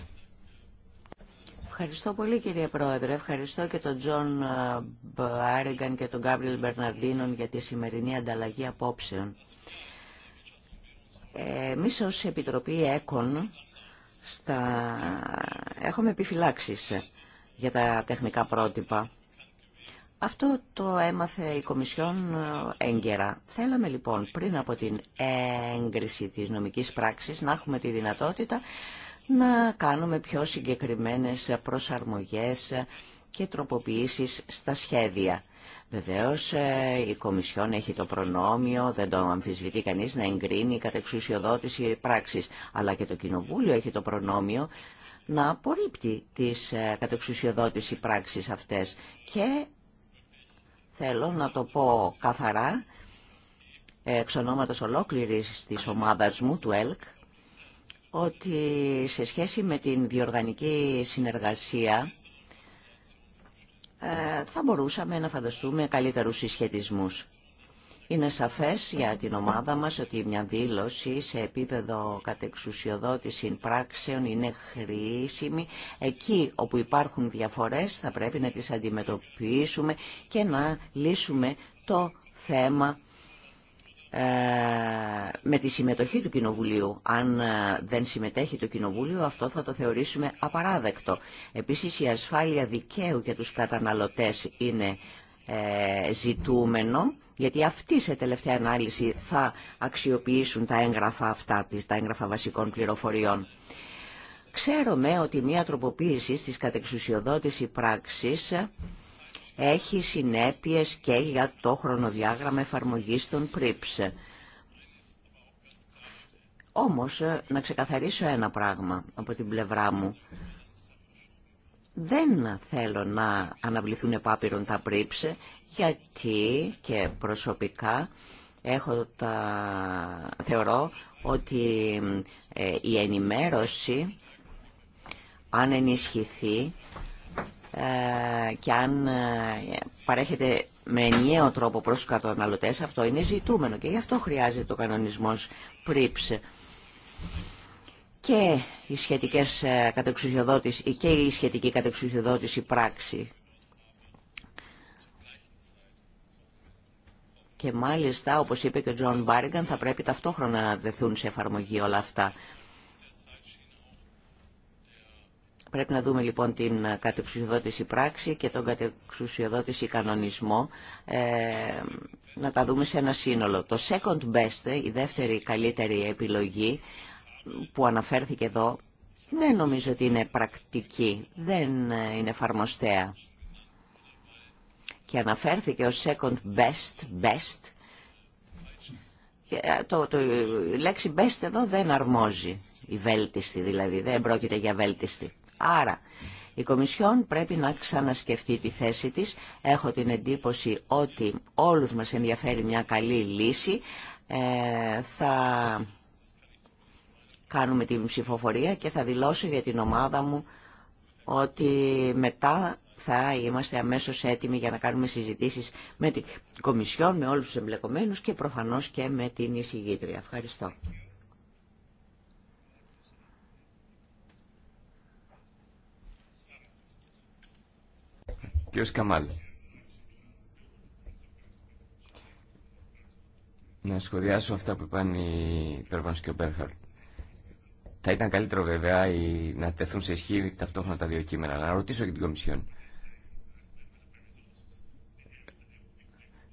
Ευχαριστώ πολύ κύριε Πρόεδρε. Ευχαριστώ και τον Τζον ε, Άρεγκαν και τον Γκάβριλ Μπερναντίνον για τη σημερινή ανταλλαγή απόψεων. Ε, Εμεί ως Επιτροπή ΕΚΟΝ στα... έχουμε επιφυλάξει για τα τεχνικά πρότυπα αυτό το έμαθε η Κομισιόν ε, έγκαιρα. Θέλαμε λοιπόν πριν από την έγκριση της νομικής πράξης να έχουμε τη δυνατότητα να κάνουμε πιο συγκεκριμένες προσαρμογές και τροποποιήσεις στα σχέδια. Βεβαίως ε, η Κομισιόν έχει το προνόμιο, δεν το αμφισβητεί κανείς, να εγκρίνει κατ' εξουσιοδότηση πράξης. Αλλά και το Κοινοβούλιο έχει το προνόμιο να απορρίπτει τις ε, κατεξουσιοδότηση πράξεις αυτές και Θέλω να το πω καθαρά, εξ ονόματος ολόκληρης της ομάδας μου, του ΕΛΚ, ότι σε σχέση με την διοργανική συνεργασία ε, θα μπορούσαμε να φανταστούμε καλύτερους συσχετισμούς. Είναι σαφές για την ομάδα μας ότι μια δήλωση σε επίπεδο κατεξουσιοδότηση πράξεων είναι χρήσιμη. Εκεί όπου υπάρχουν διαφορές θα πρέπει να τις αντιμετωπίσουμε και να λύσουμε το θέμα ε, με τη συμμετοχή του Κοινοβουλίου. Αν ε, δεν συμμετέχει το Κοινοβούλιο, αυτό θα το θεωρήσουμε απαράδεκτο. Επίσης, η ασφάλεια δικαίου για τους καταναλωτές είναι ε, ζητούμενο, γιατί αυτοί σε τελευταία ανάλυση θα αξιοποιήσουν τα έγγραφα αυτά, τα έγγραφα βασικών πληροφοριών. Ξέρουμε ότι μια τροποποίηση στις κατεξουσιοδότηση πράξης έχει συνέπειες και για το χρονοδιάγραμμα εφαρμογής των πρίψε Όμως, να ξεκαθαρίσω ένα πράγμα από την πλευρά μου. Δεν θέλω να αναβληθούν επάπειρον τα πρίψε, γιατί και προσωπικά έχω τα... θεωρώ ότι ε, η ενημέρωση, αν ενισχυθεί ε, και αν ε, παρέχεται με ενιαίο τρόπο προς τους καταναλωτές, αυτό είναι ζητούμενο και γι' αυτό χρειάζεται ο κανονισμός πρίψε και οι σχετικές ε, κατεξουσιοδότηση και η σχετική κατεξουσιοδότηση πράξη. Και μάλιστα, όπως είπε και ο Τζον Μπάριγκαν, θα πρέπει ταυτόχρονα να δεθούν σε εφαρμογή όλα αυτά. Πρέπει να δούμε λοιπόν την κατεξουσιοδότηση πράξη και τον κατεξουσιοδότηση κανονισμό, ε, να τα δούμε σε ένα σύνολο. Το second best, η δεύτερη καλύτερη επιλογή, που αναφέρθηκε εδώ δεν νομίζω ότι είναι πρακτική, δεν ε, είναι εφαρμοστέα. Και αναφέρθηκε ο second best, best. Ε, το, το, η λέξη best εδώ δεν αρμόζει, η βέλτιστη δηλαδή, δεν πρόκειται για βέλτιστη. Άρα, η Κομισιόν πρέπει να ξανασκεφτεί τη θέση της. Έχω την εντύπωση ότι όλους μας ενδιαφέρει μια καλή λύση. Ε, θα κάνουμε την ψηφοφορία και θα δηλώσω για την ομάδα μου ότι μετά θα είμαστε αμέσως έτοιμοι για να κάνουμε συζητήσεις με την Κομισιόν, με όλους τους εμπλεκομένους και προφανώς και με την εισηγήτρια. Ευχαριστώ. Κύριος Καμάλ. Να σχολιάσω αυτά που είπαν οι Περβάνος και ο Μπέρχαρτ. Θα ήταν καλύτερο βέβαια να τεθούν σε ισχύ ταυτόχρονα τα δύο κείμενα. Να ρωτήσω και την Κομισιόν.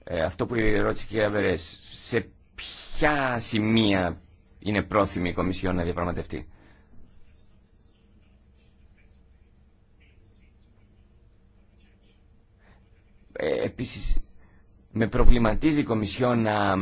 Ε, αυτό που ρώτησε η κυρία σε ποια σημεία είναι πρόθυμη η Κομισιόν να διαπραγματευτεί. Ε, επίσης, με προβληματίζει η Κομισιόν να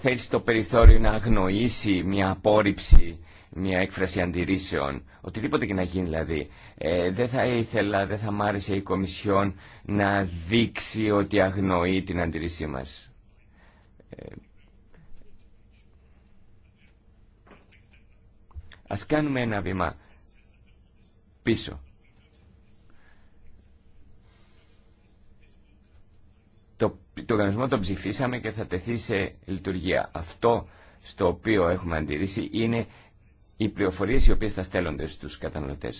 θέλει το περιθώριο να αγνοήσει μια απόρριψη, μια έκφραση αντιρρήσεων, οτιδήποτε και να γίνει δηλαδή. Ε, δεν θα ήθελα, δεν θα μ' άρεσε η Κομισιόν να δείξει ότι αγνοεί την αντιρρήσή μας. Ε, ας κάνουμε ένα βήμα πίσω. το οργανισμό το ψηφίσαμε και θα τεθεί σε λειτουργία. Αυτό στο οποίο έχουμε αντιρρήσει είναι οι πληροφορίε οι οποίε θα στέλνονται στου καταναλωτέ.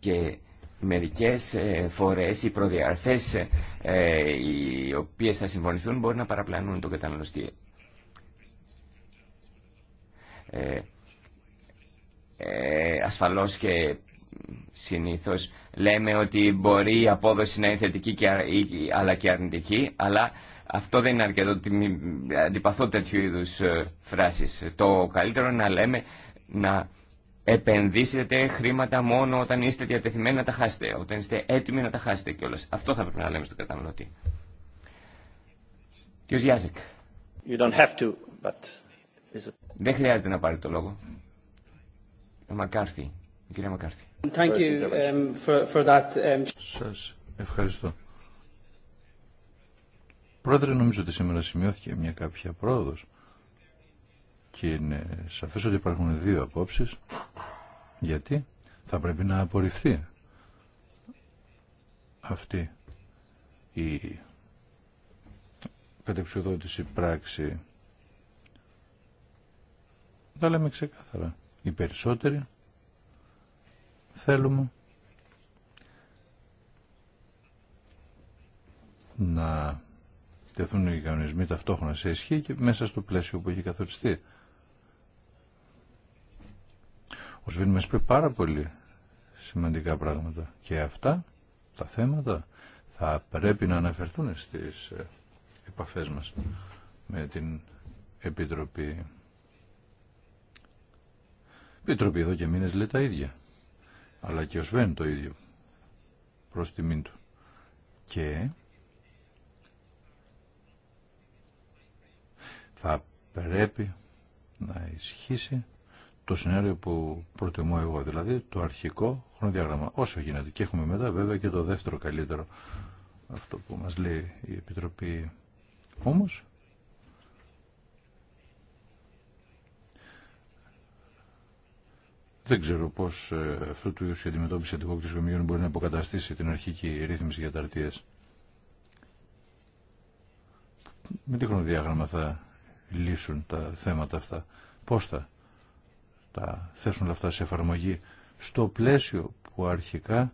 Και μερικές ε, φορές οι προδιαρθές ε, οι οποίες θα συμφωνηθούν μπορεί να παραπλανούν τον καταναλωστή. Ε, ε ασφαλώς και συνήθως λέμε ότι μπορεί η απόδοση να είναι θετική και, αλλά και αρνητική, αλλά αυτό δεν είναι αρκετό. Αντιπαθώ τέτοιου είδους ε, φράσεις. Το καλύτερο είναι να λέμε να επενδύσετε χρήματα μόνο όταν είστε διατεθειμένοι να τα χάσετε, όταν είστε έτοιμοι να τα χάσετε κιόλας. Αυτό θα πρέπει να λέμε στον καταναλωτή. Κύριος Γιάζεκ. You don't have to, but... Δεν χρειάζεται να πάρει το λόγο. Ο Κύριε um, um, Σας ευχαριστώ. Πρόεδρε, νομίζω ότι σήμερα σημειώθηκε μια κάποια πρόοδος και είναι σαφές ότι υπάρχουν δύο απόψεις γιατί θα πρέπει να απορριφθεί αυτή η κατεξουδότηση πράξη. Τα λέμε ξεκάθαρα. Οι περισσότεροι θέλουμε να τεθούν οι κανονισμοί ταυτόχρονα σε ισχύ και μέσα στο πλαίσιο που έχει καθοριστεί. Ο Σβήν μας πει πάρα πολύ σημαντικά πράγματα και αυτά τα θέματα θα πρέπει να αναφερθούν στις ε, επαφές μας με την Επιτροπή. Η Επιτροπή εδώ και μήνες λέει τα ίδια αλλά και ο Σβέν το ίδιο προς τιμήν του. Και θα πρέπει να ισχύσει το σενάριο που προτιμώ εγώ, δηλαδή το αρχικό χρονοδιάγραμμα. Όσο γίνεται. Και έχουμε μετά βέβαια και το δεύτερο καλύτερο, αυτό που μας λέει η Επιτροπή. Όμως, Δεν ξέρω πώ ε, αυτού του είδου η αντιμετώπιση αντικόκτηση μπορεί να αποκαταστήσει την αρχική ρύθμιση για τα αρτίες. Με τι χρονοδιάγραμμα θα λύσουν τα θέματα αυτά, πώς θα τα θέσουν όλα αυτά σε εφαρμογή στο πλαίσιο που αρχικά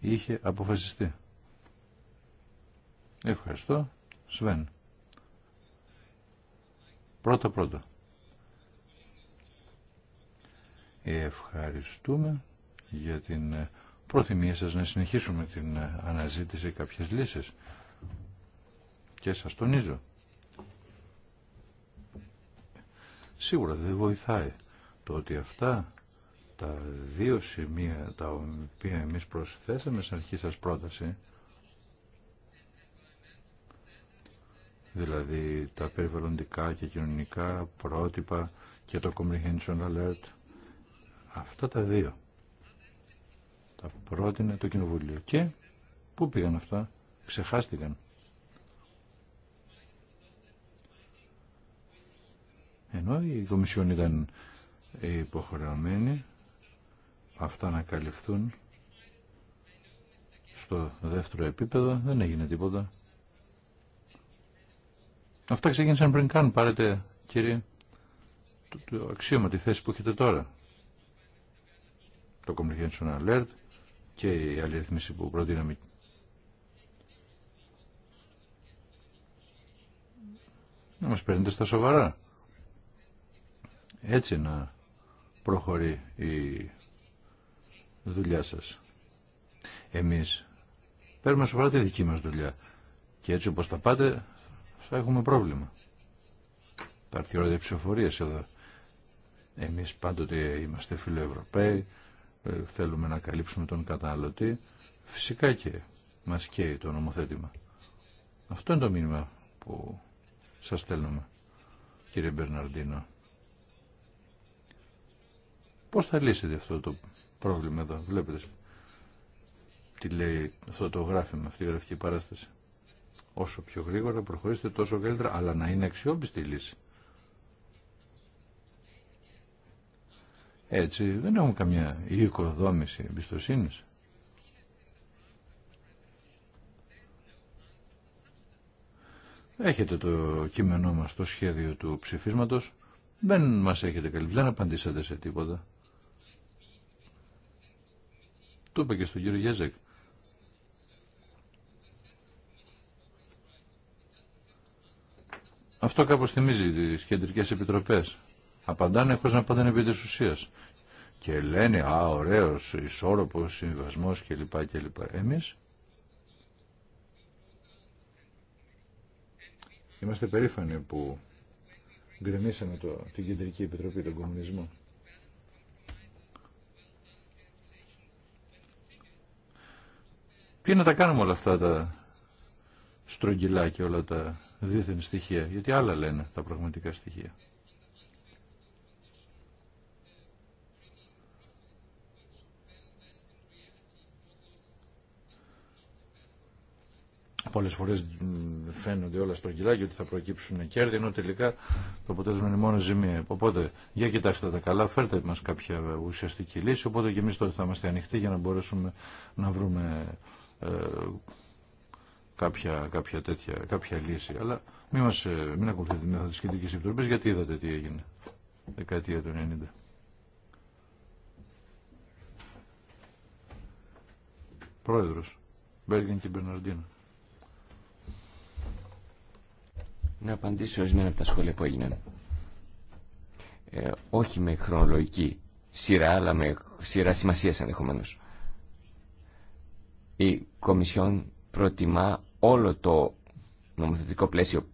είχε αποφασιστεί. Ευχαριστώ. Σβέν. Πρώτα πρώτα. Ευχαριστούμε για την ε, προθυμία σας να συνεχίσουμε την ε, αναζήτηση κάποιες λύσεις. Και σας τονίζω. Σίγουρα δεν βοηθάει το ότι αυτά τα δύο σημεία τα οποία εμείς προσθέσαμε στην αρχή σας πρόταση δηλαδή τα περιβαλλοντικά και κοινωνικά πρότυπα και το comprehension alert Αυτά τα δύο. Τα πρότεινε το κοινοβούλιο. Και πού πήγαν αυτά. Ξεχάστηκαν. Ενώ η Κομισιόν ήταν υποχρεωμένη αυτά να καλυφθούν στο δεύτερο επίπεδο δεν έγινε τίποτα. Αυτά ξεκίνησαν πριν καν. Πάρετε κύριε το, το αξίωμα, τη θέση που έχετε τώρα το Comprehension Alert και η άλλη ρυθμίση που προτείναμε. Να μας παίρνετε στα σοβαρά. Έτσι να προχωρεί η δουλειά σας. Εμείς παίρνουμε σοβαρά τη δική μας δουλειά. Και έτσι όπως τα πάτε θα έχουμε πρόβλημα. Τα έρθει η εδώ. Εμείς πάντοτε είμαστε φιλοευρωπαίοι, ε, θέλουμε να καλύψουμε τον καταναλωτή, φυσικά και μας καίει το νομοθέτημα. Αυτό είναι το μήνυμα που σας στέλνουμε, κύριε Μπερναρντίνο. Πώς θα λύσετε αυτό το πρόβλημα εδώ, βλέπετε τι λέει αυτό το γράφημα, αυτή η γραφική παράσταση. Όσο πιο γρήγορα προχωρήσετε τόσο καλύτερα, αλλά να είναι αξιόπιστη η λύση. Έτσι δεν έχουμε καμιά οικοδόμηση εμπιστοσύνη. Έχετε το κείμενό μας στο σχέδιο του ψηφίσματος. Δεν μας έχετε καλύψει, δεν απαντήσατε σε τίποτα. Το είπα και στον κύριο Γιέζεκ. Αυτό κάπως θυμίζει τις κεντρικές επιτροπές απαντάνε χωρίς να πάνε επί της ουσίας. Και λένε, α, ωραίος, ισόρροπος, συμβασμός κλπ. κλπ. Εμείς είμαστε περήφανοι που γκρεμίσαμε το, την Κεντρική Επιτροπή των Κομμουνισμών. Τι να τα κάνουμε όλα αυτά τα στρογγυλά και όλα τα δίθεν στοιχεία, γιατί άλλα λένε τα πραγματικά στοιχεία. Πολλέ φορέ φαίνονται όλα στο κοιλάκι ότι θα προκύψουν κέρδη, ενώ τελικά το αποτέλεσμα είναι μόνο ζημία. Οπότε, για κοιτάξτε τα καλά, φέρτε μα κάποια ουσιαστική λύση, οπότε και εμεί τότε θα είμαστε ανοιχτοί για να μπορέσουμε να βρούμε ε, κάποια, κάποια, τέτοια, κάποια λύση. Αλλά μην, μας, ε, μην ακολουθείτε τη μέθοδο τη Κεντρική Επιτροπή, γιατί είδατε τι έγινε δεκαετία του 90. Πρόεδρος, Μπέργεν και Μπερναρντίνο. να απαντήσω ορισμένα από τα σχόλια που έγιναν. Ε, όχι με χρονολογική σειρά, αλλά με σειρά σημασία ενδεχομένω. Η Κομισιόν προτιμά όλο το νομοθετικό πλαίσιο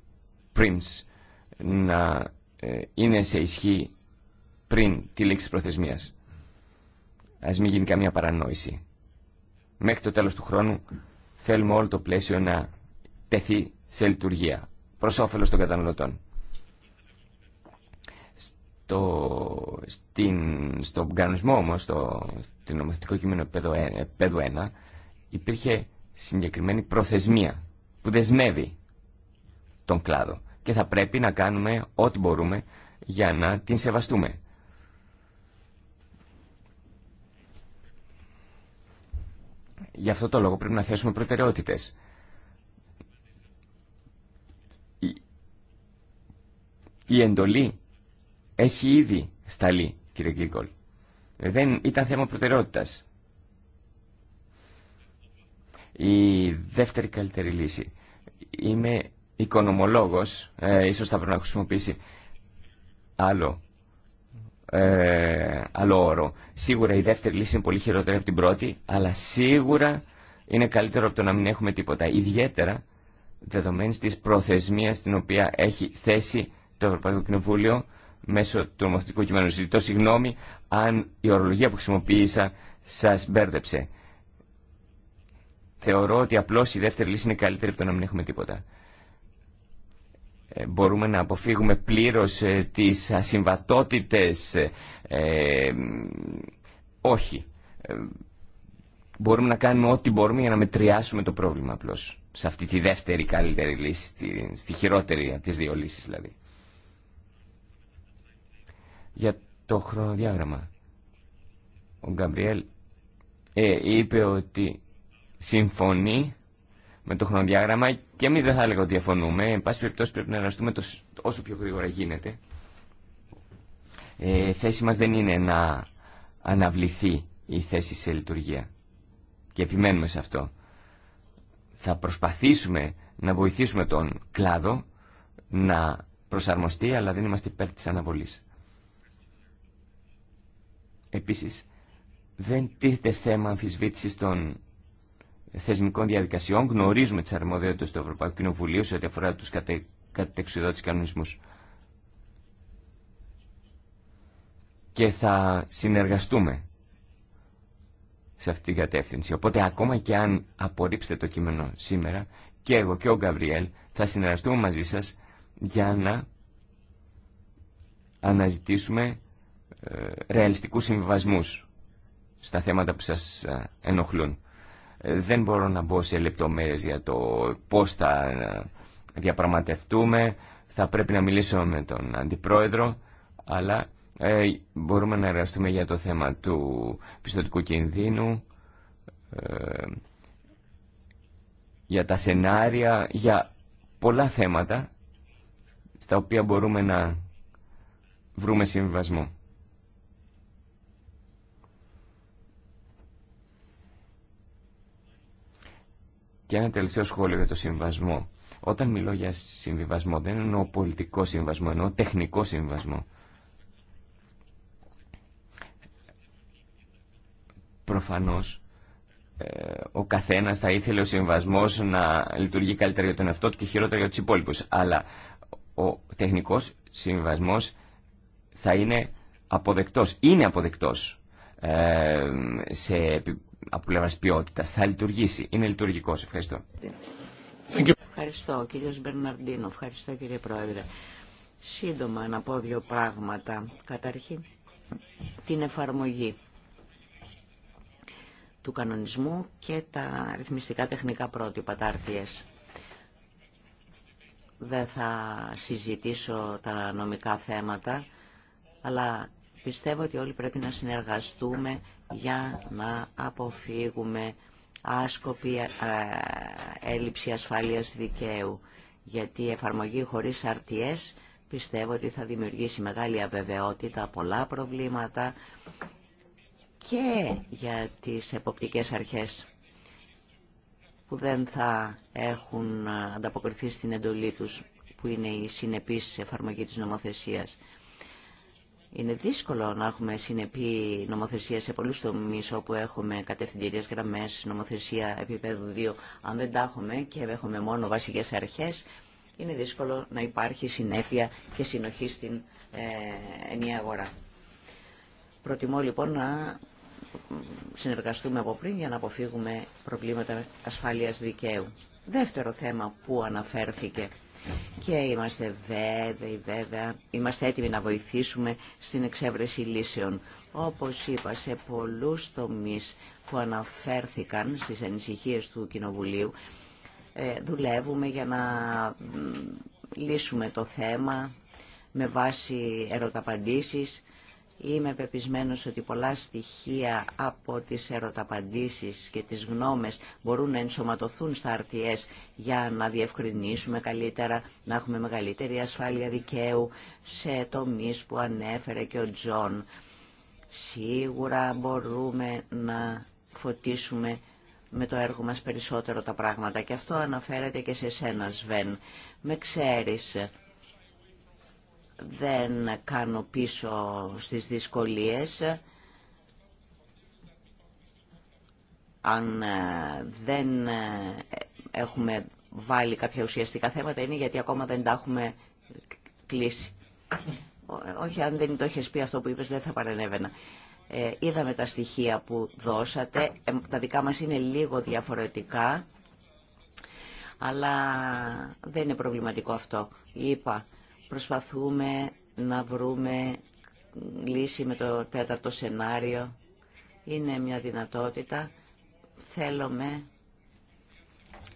PRIMS να ε, είναι σε ισχύ πριν τη λήξη προθεσμίας. Ας μην γίνει καμία παρανόηση. Μέχρι το τέλος του χρόνου θέλουμε όλο το πλαίσιο να τεθεί σε λειτουργία προς όφελος των καταναλωτών. Στο, στην, στον κανονισμό όμως, στο, στην νομοθετικό κείμενο επέδου ε, υπήρχε συγκεκριμένη προθεσμία που δεσμεύει τον κλάδο και θα πρέπει να κάνουμε ό,τι μπορούμε για να την σεβαστούμε. Γι' αυτό το λόγο πρέπει να θέσουμε προτεραιότητες. Η εντολή έχει ήδη σταλεί, κύριε Γκίγκολ. Δεν ήταν θέμα προτεραιότητας. Η δεύτερη καλύτερη λύση. Είμαι οικονομολόγος, ε, ίσως θα πρέπει να χρησιμοποιήσει άλλο, ε, όρο. Σίγουρα η δεύτερη λύση είναι πολύ χειρότερη από την πρώτη, αλλά σίγουρα είναι καλύτερο από το να μην έχουμε τίποτα. Ιδιαίτερα δεδομένη της προθεσμίας την οποία έχει θέσει το Ευρωπαϊκό Κοινοβούλιο μέσω του νομοθετικού κειμένου. Ζητώ συγγνώμη αν η ορολογία που χρησιμοποίησα σας μπέρδεψε. Θεωρώ ότι απλώς η δεύτερη λύση είναι καλύτερη από το να μην έχουμε τίποτα. Ε, μπορούμε να αποφύγουμε πλήρως ε, τις ασυμβατότητες. Ε, όχι. Ε, μπορούμε να κάνουμε ό,τι μπορούμε για να μετριάσουμε το πρόβλημα απλώ Σε αυτή τη δεύτερη καλύτερη λύση, στη, στη χειρότερη από τις δύο λύσεις δηλαδή για το χρονοδιάγραμμα. Ο Γκαμπριέλ ε, είπε ότι συμφωνεί με το χρονοδιάγραμμα και εμείς δεν θα έλεγα ότι διαφωνούμε. Εν πάση περιπτώσει πρέπει να εργαστούμε το, όσο πιο γρήγορα γίνεται. Ε, θέση μας δεν είναι να αναβληθεί η θέση σε λειτουργία. Και επιμένουμε σε αυτό. Θα προσπαθήσουμε να βοηθήσουμε τον κλάδο να προσαρμοστεί, αλλά δεν είμαστε υπέρ της αναβολής. Επίσης, δεν τίθεται θέμα αμφισβήτησης των θεσμικών διαδικασιών. Γνωρίζουμε τις αρμοδιότητες του Ευρωπαϊκού Κοινοβουλίου σε ό,τι αφορά τους κατε, κανονισμούς. Και θα συνεργαστούμε σε αυτή την κατεύθυνση. Οπότε ακόμα και αν απορρίψετε το κείμενο σήμερα, και εγώ και ο Γκαβριέλ θα συνεργαστούμε μαζί σας για να αναζητήσουμε ε, ρεαλιστικούς συμβιβασμούς στα θέματα που σας ε, ενοχλούν. Ε, δεν μπορώ να μπω σε λεπτομέρειες για το πώς θα διαπραγματευτούμε. Θα πρέπει να μιλήσω με τον Αντιπρόεδρο, αλλά μπορούμε να εργαστούμε για το θέμα του πιστοτικού κινδύνου, για τα σενάρια, για πολλά θέματα στα οποία μπορούμε να βρούμε συμβιβασμό. Και ένα τελευταίο σχόλιο για το συμβασμό. Όταν μιλώ για συμβιβασμό δεν εννοώ πολιτικό συμβασμό, εννοώ τεχνικό συμβασμό. Προφανώς ε, ο καθένας θα ήθελε ο συμβασμός να λειτουργεί καλύτερα για τον εαυτό του και χειρότερα για τους υπόλοιπους. Αλλά ο τεχνικός συμβασμός θα είναι αποδεκτός, είναι αποδεκτός ε, σε από πλευρά ποιότητα. Θα λειτουργήσει. Είναι λειτουργικό. Ευχαριστώ. Ευχαριστώ κύριο Μπερναρντίνο. Ευχαριστώ κύριε Πρόεδρε. Σύντομα να πω δύο πράγματα. Καταρχήν την εφαρμογή του κανονισμού και τα ρυθμιστικά τεχνικά πρότυπα, τα Δεν θα συζητήσω τα νομικά θέματα, αλλά πιστεύω ότι όλοι πρέπει να συνεργαστούμε για να αποφύγουμε άσκοπη ε, έλλειψη ασφάλειας δικαίου. Γιατί η εφαρμογή χωρίς αρτιές πιστεύω ότι θα δημιουργήσει μεγάλη αβεβαιότητα, πολλά προβλήματα και για τις εποπτικές αρχές που δεν θα έχουν ε, ανταποκριθεί στην εντολή τους, που είναι η συνεπής εφαρμογή της νομοθεσίας. Είναι δύσκολο να έχουμε συνεπή νομοθεσία σε πολλού τομεί όπου έχουμε κατευθυντηρίε γραμμέ, νομοθεσία επίπεδου 2. Αν δεν τα έχουμε και έχουμε μόνο βασικέ αρχέ, είναι δύσκολο να υπάρχει συνέπεια και συνοχή στην ε, ενιαία αγορά. Προτιμώ λοιπόν να συνεργαστούμε από πριν για να αποφύγουμε προβλήματα ασφάλειας δικαίου δεύτερο θέμα που αναφέρθηκε και είμαστε βέβαιοι βέβαια, είμαστε έτοιμοι να βοηθήσουμε στην εξέβρεση λύσεων. Όπως είπα σε πολλούς τομείς που αναφέρθηκαν στις ανησυχίες του Κοινοβουλίου, ε, δουλεύουμε για να λύσουμε το θέμα με βάση ερωταπαντήσεις Είμαι πεπισμένος ότι πολλά στοιχεία από τις ερωταπαντήσεις και τις γνώμες μπορούν να ενσωματωθούν στα αρτιές για να διευκρινίσουμε καλύτερα, να έχουμε μεγαλύτερη ασφάλεια δικαίου σε τομείς που ανέφερε και ο Τζον. Σίγουρα μπορούμε να φωτίσουμε με το έργο μας περισσότερο τα πράγματα και αυτό αναφέρεται και σε σένα Σβέν. Με ξέρεις δεν κάνω πίσω στις δυσκολίες. Αν ε, δεν ε, έχουμε βάλει κάποια ουσιαστικά θέματα είναι γιατί ακόμα δεν τα έχουμε κλείσει. Όχι, αν δεν το έχεις πει αυτό που είπες δεν θα παρενέβαινα. Ε, είδαμε τα στοιχεία που δώσατε. Ε, τα δικά μας είναι λίγο διαφορετικά, αλλά δεν είναι προβληματικό αυτό. Είπα Προσπαθούμε να βρούμε λύση με το τέταρτο σενάριο. Είναι μια δυνατότητα. Θέλουμε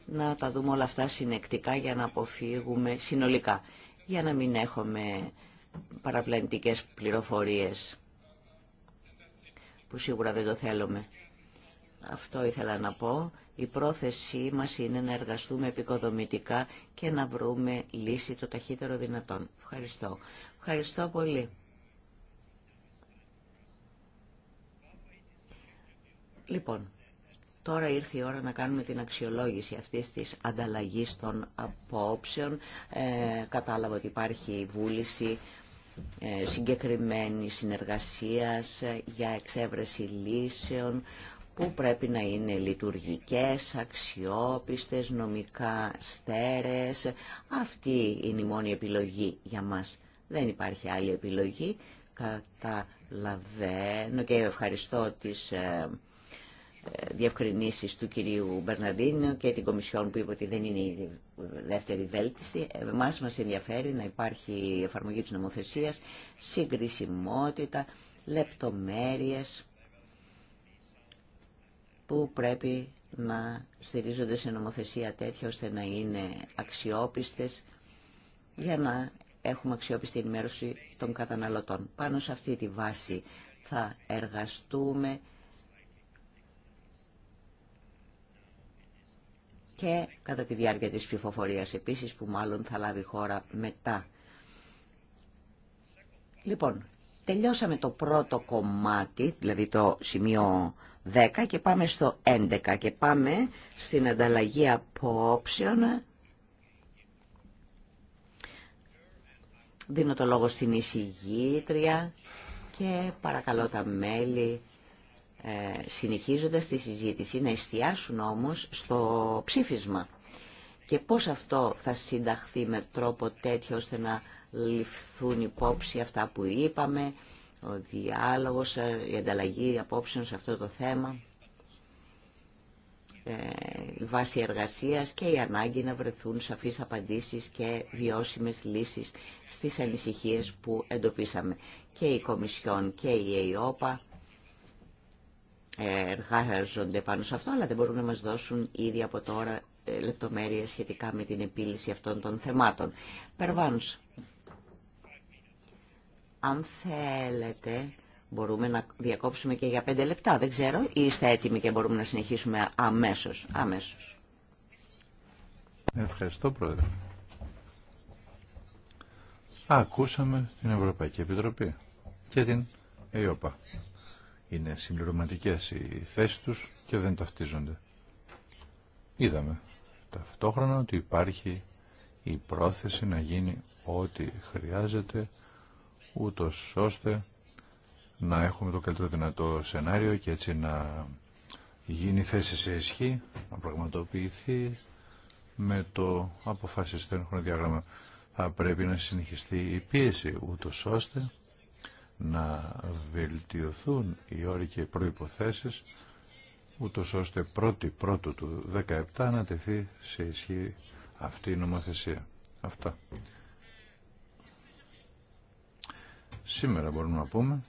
να τα δούμε όλα αυτά συνεκτικά για να αποφύγουμε συνολικά, για να μην έχουμε παραπλανητικές πληροφορίες που σίγουρα δεν το θέλουμε. Αυτό ήθελα να πω. Η πρόθεσή μας είναι να εργαστούμε επικοδομητικά και να βρούμε λύση το ταχύτερο δυνατόν. Ευχαριστώ. Ευχαριστώ πολύ. Λοιπόν, τώρα ήρθε η ώρα να κάνουμε την αξιολόγηση αυτής της ανταλλαγής των απόψεων. Ε, κατάλαβα ότι υπάρχει βούληση ε, συγκεκριμένη συνεργασίας ε, για εξέβρεση λύσεων που πρέπει να είναι λειτουργικές, αξιόπιστες, νομικά στέρες. Αυτή είναι η μόνη επιλογή για μας. Δεν υπάρχει άλλη επιλογή. Καταλαβαίνω και ευχαριστώ τις ε, ε, διευκρινήσεις του κυρίου Μπερναντίνου και την Κομισιόν που είπε ότι δεν είναι η δεύτερη βέλτιστη. Εμάς μας ενδιαφέρει να υπάρχει εφαρμογή της νομοθεσίας, συγκρισιμότητα, λεπτομέρειες που πρέπει να στηρίζονται σε νομοθεσία τέτοια ώστε να είναι αξιόπιστες για να έχουμε αξιόπιστη ενημέρωση των καταναλωτών. Πάνω σε αυτή τη βάση θα εργαστούμε και κατά τη διάρκεια της ψηφοφορία επίσης που μάλλον θα λάβει χώρα μετά. Λοιπόν, τελειώσαμε το πρώτο κομμάτι, δηλαδή το σημείο 10 και πάμε στο 11 και πάμε στην ανταλλαγή απόψεων. Δίνω το λόγο στην εισηγήτρια και παρακαλώ τα μέλη ε, συνεχίζοντας τη συζήτηση να εστιάσουν όμως στο ψήφισμα και πώς αυτό θα συνταχθεί με τρόπο τέτοιο ώστε να ληφθούν υπόψη αυτά που είπαμε ο διάλογος, ε, η ανταλλαγή απόψεων σε αυτό το θέμα, ε, η βάση εργασίας και η ανάγκη να βρεθούν σαφείς απαντήσεις και βιώσιμες λύσεις στις ανησυχίες που εντοπίσαμε. Και η Κομισιόν και η ΕΙΟΠΑ ε, εργάζονται πάνω σε αυτό, αλλά δεν μπορούν να μας δώσουν ήδη από τώρα λεπτομέρειες σχετικά με την επίλυση αυτών των θεμάτων. Περβάνους. Αν θέλετε, μπορούμε να διακόψουμε και για πέντε λεπτά, δεν ξέρω, ή είστε έτοιμοι και μπορούμε να συνεχίσουμε αμέσως. αμέσως. Ευχαριστώ, Πρόεδρε. Ακούσαμε την Ευρωπαϊκή Επιτροπή και την ΕΟΠΑ. Είναι συμπληρωματικές οι θέσεις τους και δεν ταυτίζονται. Είδαμε ταυτόχρονα ότι υπάρχει η πρόθεση να γίνει ό,τι χρειάζεται ούτως ώστε να έχουμε το καλύτερο δυνατό σενάριο και έτσι να γίνει θέση σε ισχύ, να πραγματοποιηθεί με το αποφασιστέν χρονοδιάγραμμα. Θα πρέπει να συνεχιστεί η πίεση, ούτω ώστε να βελτιωθούν οι όροι και οι προϋποθέσεις, ούτως ώστε πρώτη πρώτου του 17 να τεθεί σε ισχύ αυτή η νομοθεσία. Αυτά. Σήμερα μπορούμε να πούμε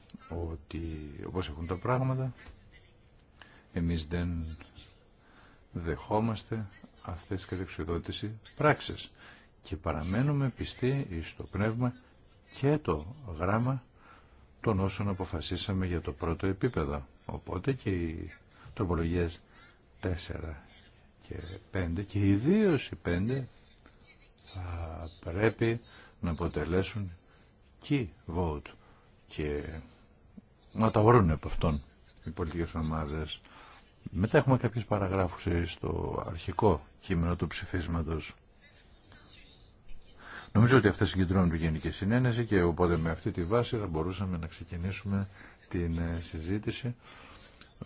ότι όπως έχουν τα πράγματα εμείς δεν δεχόμαστε αυτές τις κατεξοδότηση πράξεις και παραμένουμε πιστοί στο πνεύμα και το γράμμα των όσων αποφασίσαμε για το πρώτο επίπεδο. Οπότε και οι τροπολογίες 4 και 5 και ιδίως οι 5 θα πρέπει να αποτελέσουν vote και να τα βρουν από αυτόν οι πολιτικές ομάδες. Μετά έχουμε κάποιες παραγράφους στο αρχικό κείμενο του ψηφίσματος. Νομίζω ότι αυτές συγκεντρώνουν τη Γενική Συνένεση και οπότε με αυτή τη βάση θα μπορούσαμε να ξεκινήσουμε την ε, συζήτηση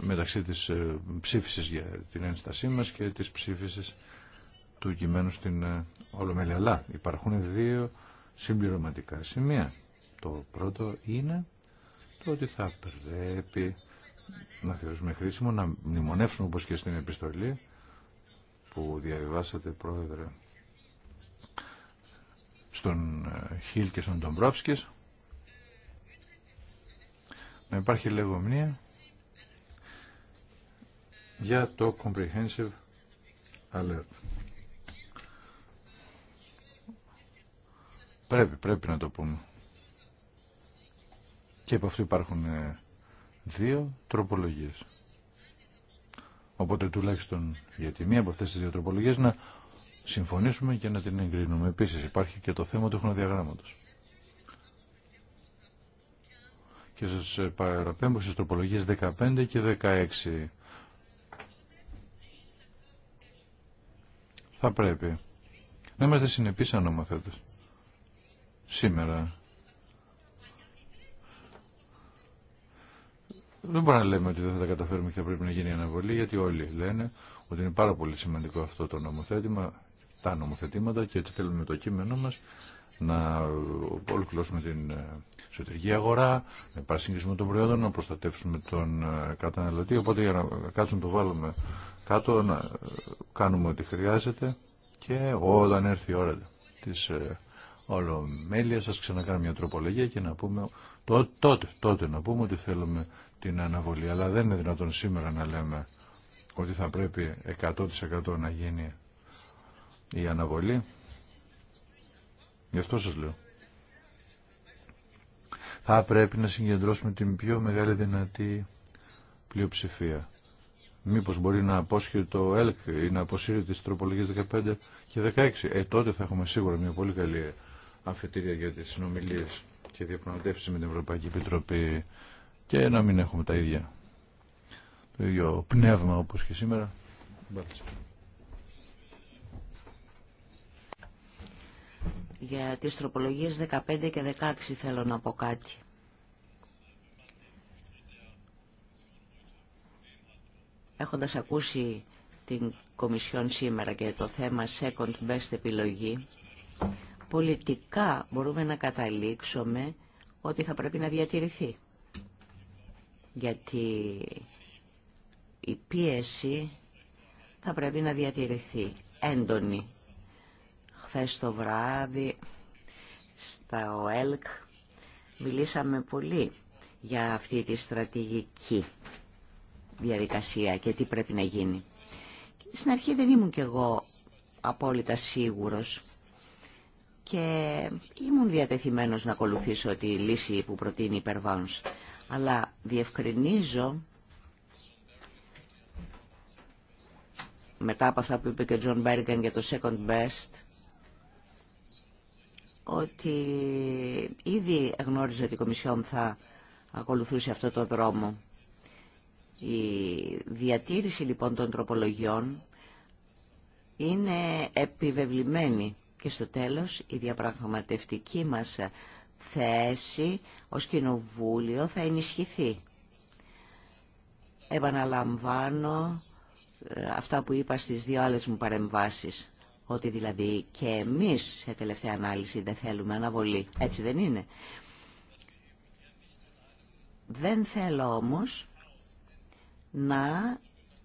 μεταξύ της ε, ψήφισης για την ένστασή μας και της ψήφισης του κειμένου στην ε, Ολομέλεια. Αλλά υπάρχουν δύο συμπληρωματικά σημεία. Το πρώτο είναι το ότι θα πρέπει να θεωρούμε χρήσιμο να μνημονεύσουμε όπως και στην επιστολή που διαβιβάσατε πρόεδρε στον ε, Χίλ και στον Ντομπρόφσκης να υπάρχει λεγομνία για το Comprehensive Alert. Πρέπει, πρέπει να το πούμε. Και από αυτού υπάρχουν ε, δύο τροπολογίες. Οπότε τουλάχιστον για τη μία από αυτές τις δύο τροπολογίες να συμφωνήσουμε και να την εγκρίνουμε. Επίσης υπάρχει και το θέμα του χρονοδιαγράμματος. Και σας ε, παραπέμπω στις τροπολογίες 15 και 16. Θα πρέπει να είμαστε συνεπείς ανώμα Σήμερα Δεν μπορούμε να λέμε ότι δεν θα τα καταφέρουμε και θα πρέπει να γίνει η αναβολή, γιατί όλοι λένε ότι είναι πάρα πολύ σημαντικό αυτό το νομοθέτημα, τα νομοθετήματα και ότι θέλουμε το κείμενό μα να ολοκληρώσουμε την ε, εσωτερική αγορά, να υπάρξει των τον προϊόντων, να προστατεύσουμε τον ε, καταναλωτή. Οπότε για να κάτσουμε το βάλουμε κάτω, να ε, κάνουμε ό,τι χρειάζεται και όταν έρθει η ώρα τη ολομέλεια, σας ξανακάνουμε μια τροπολογία και να πούμε τότε, τότε, να πούμε ότι θέλουμε την αναβολή. Αλλά δεν είναι δυνατόν σήμερα να λέμε ότι θα πρέπει 100% να γίνει η αναβολή. Γι' αυτό σας λέω. Θα πρέπει να συγκεντρώσουμε την πιο μεγάλη δυνατή πλειοψηφία. Μήπως μπορεί να απόσχει το ΕΛΚ ή να αποσύρει τις τροπολογίες 15 και 16. Ε, τότε θα έχουμε σίγουρα μια πολύ καλή αφετηρία για τις συνομιλίες και διαπραγματεύσει με την Ευρωπαϊκή Επιτροπή και να μην έχουμε τα ίδια το ίδιο πνεύμα όπως και σήμερα. Για τις τροπολογίες 15 και 16 θέλω να πω κάτι. Έχοντας ακούσει την Κομισιόν σήμερα και το θέμα second best επιλογή, πολιτικά μπορούμε να καταλήξουμε ότι θα πρέπει να διατηρηθεί. Γιατί η πίεση θα πρέπει να διατηρηθεί έντονη. Χθες το βράδυ στα ΟΕΛΚ μιλήσαμε πολύ για αυτή τη στρατηγική διαδικασία και τι πρέπει να γίνει. Στην αρχή δεν ήμουν κι εγώ απόλυτα σίγουρος και ήμουν διατεθειμένος να ακολουθήσω τη λύση που προτείνει η Περβάνς. Αλλά διευκρινίζω, μετά από αυτά που είπε και ο Τζον Μπέργκεν για το second best, ότι ήδη γνώριζε ότι η Κομισιόν θα ακολουθούσε αυτό το δρόμο. Η διατήρηση λοιπόν των τροπολογιών είναι επιβεβλημένη και στο τέλος η διαπραγματευτική μας θέση ως κοινοβούλιο θα ενισχυθεί. Επαναλαμβάνω ε, αυτά που είπα στις δύο άλλες μου παρεμβάσεις. Ότι δηλαδή και εμείς σε τελευταία ανάλυση δεν θέλουμε αναβολή. Έτσι δεν είναι. Δεν θέλω όμως να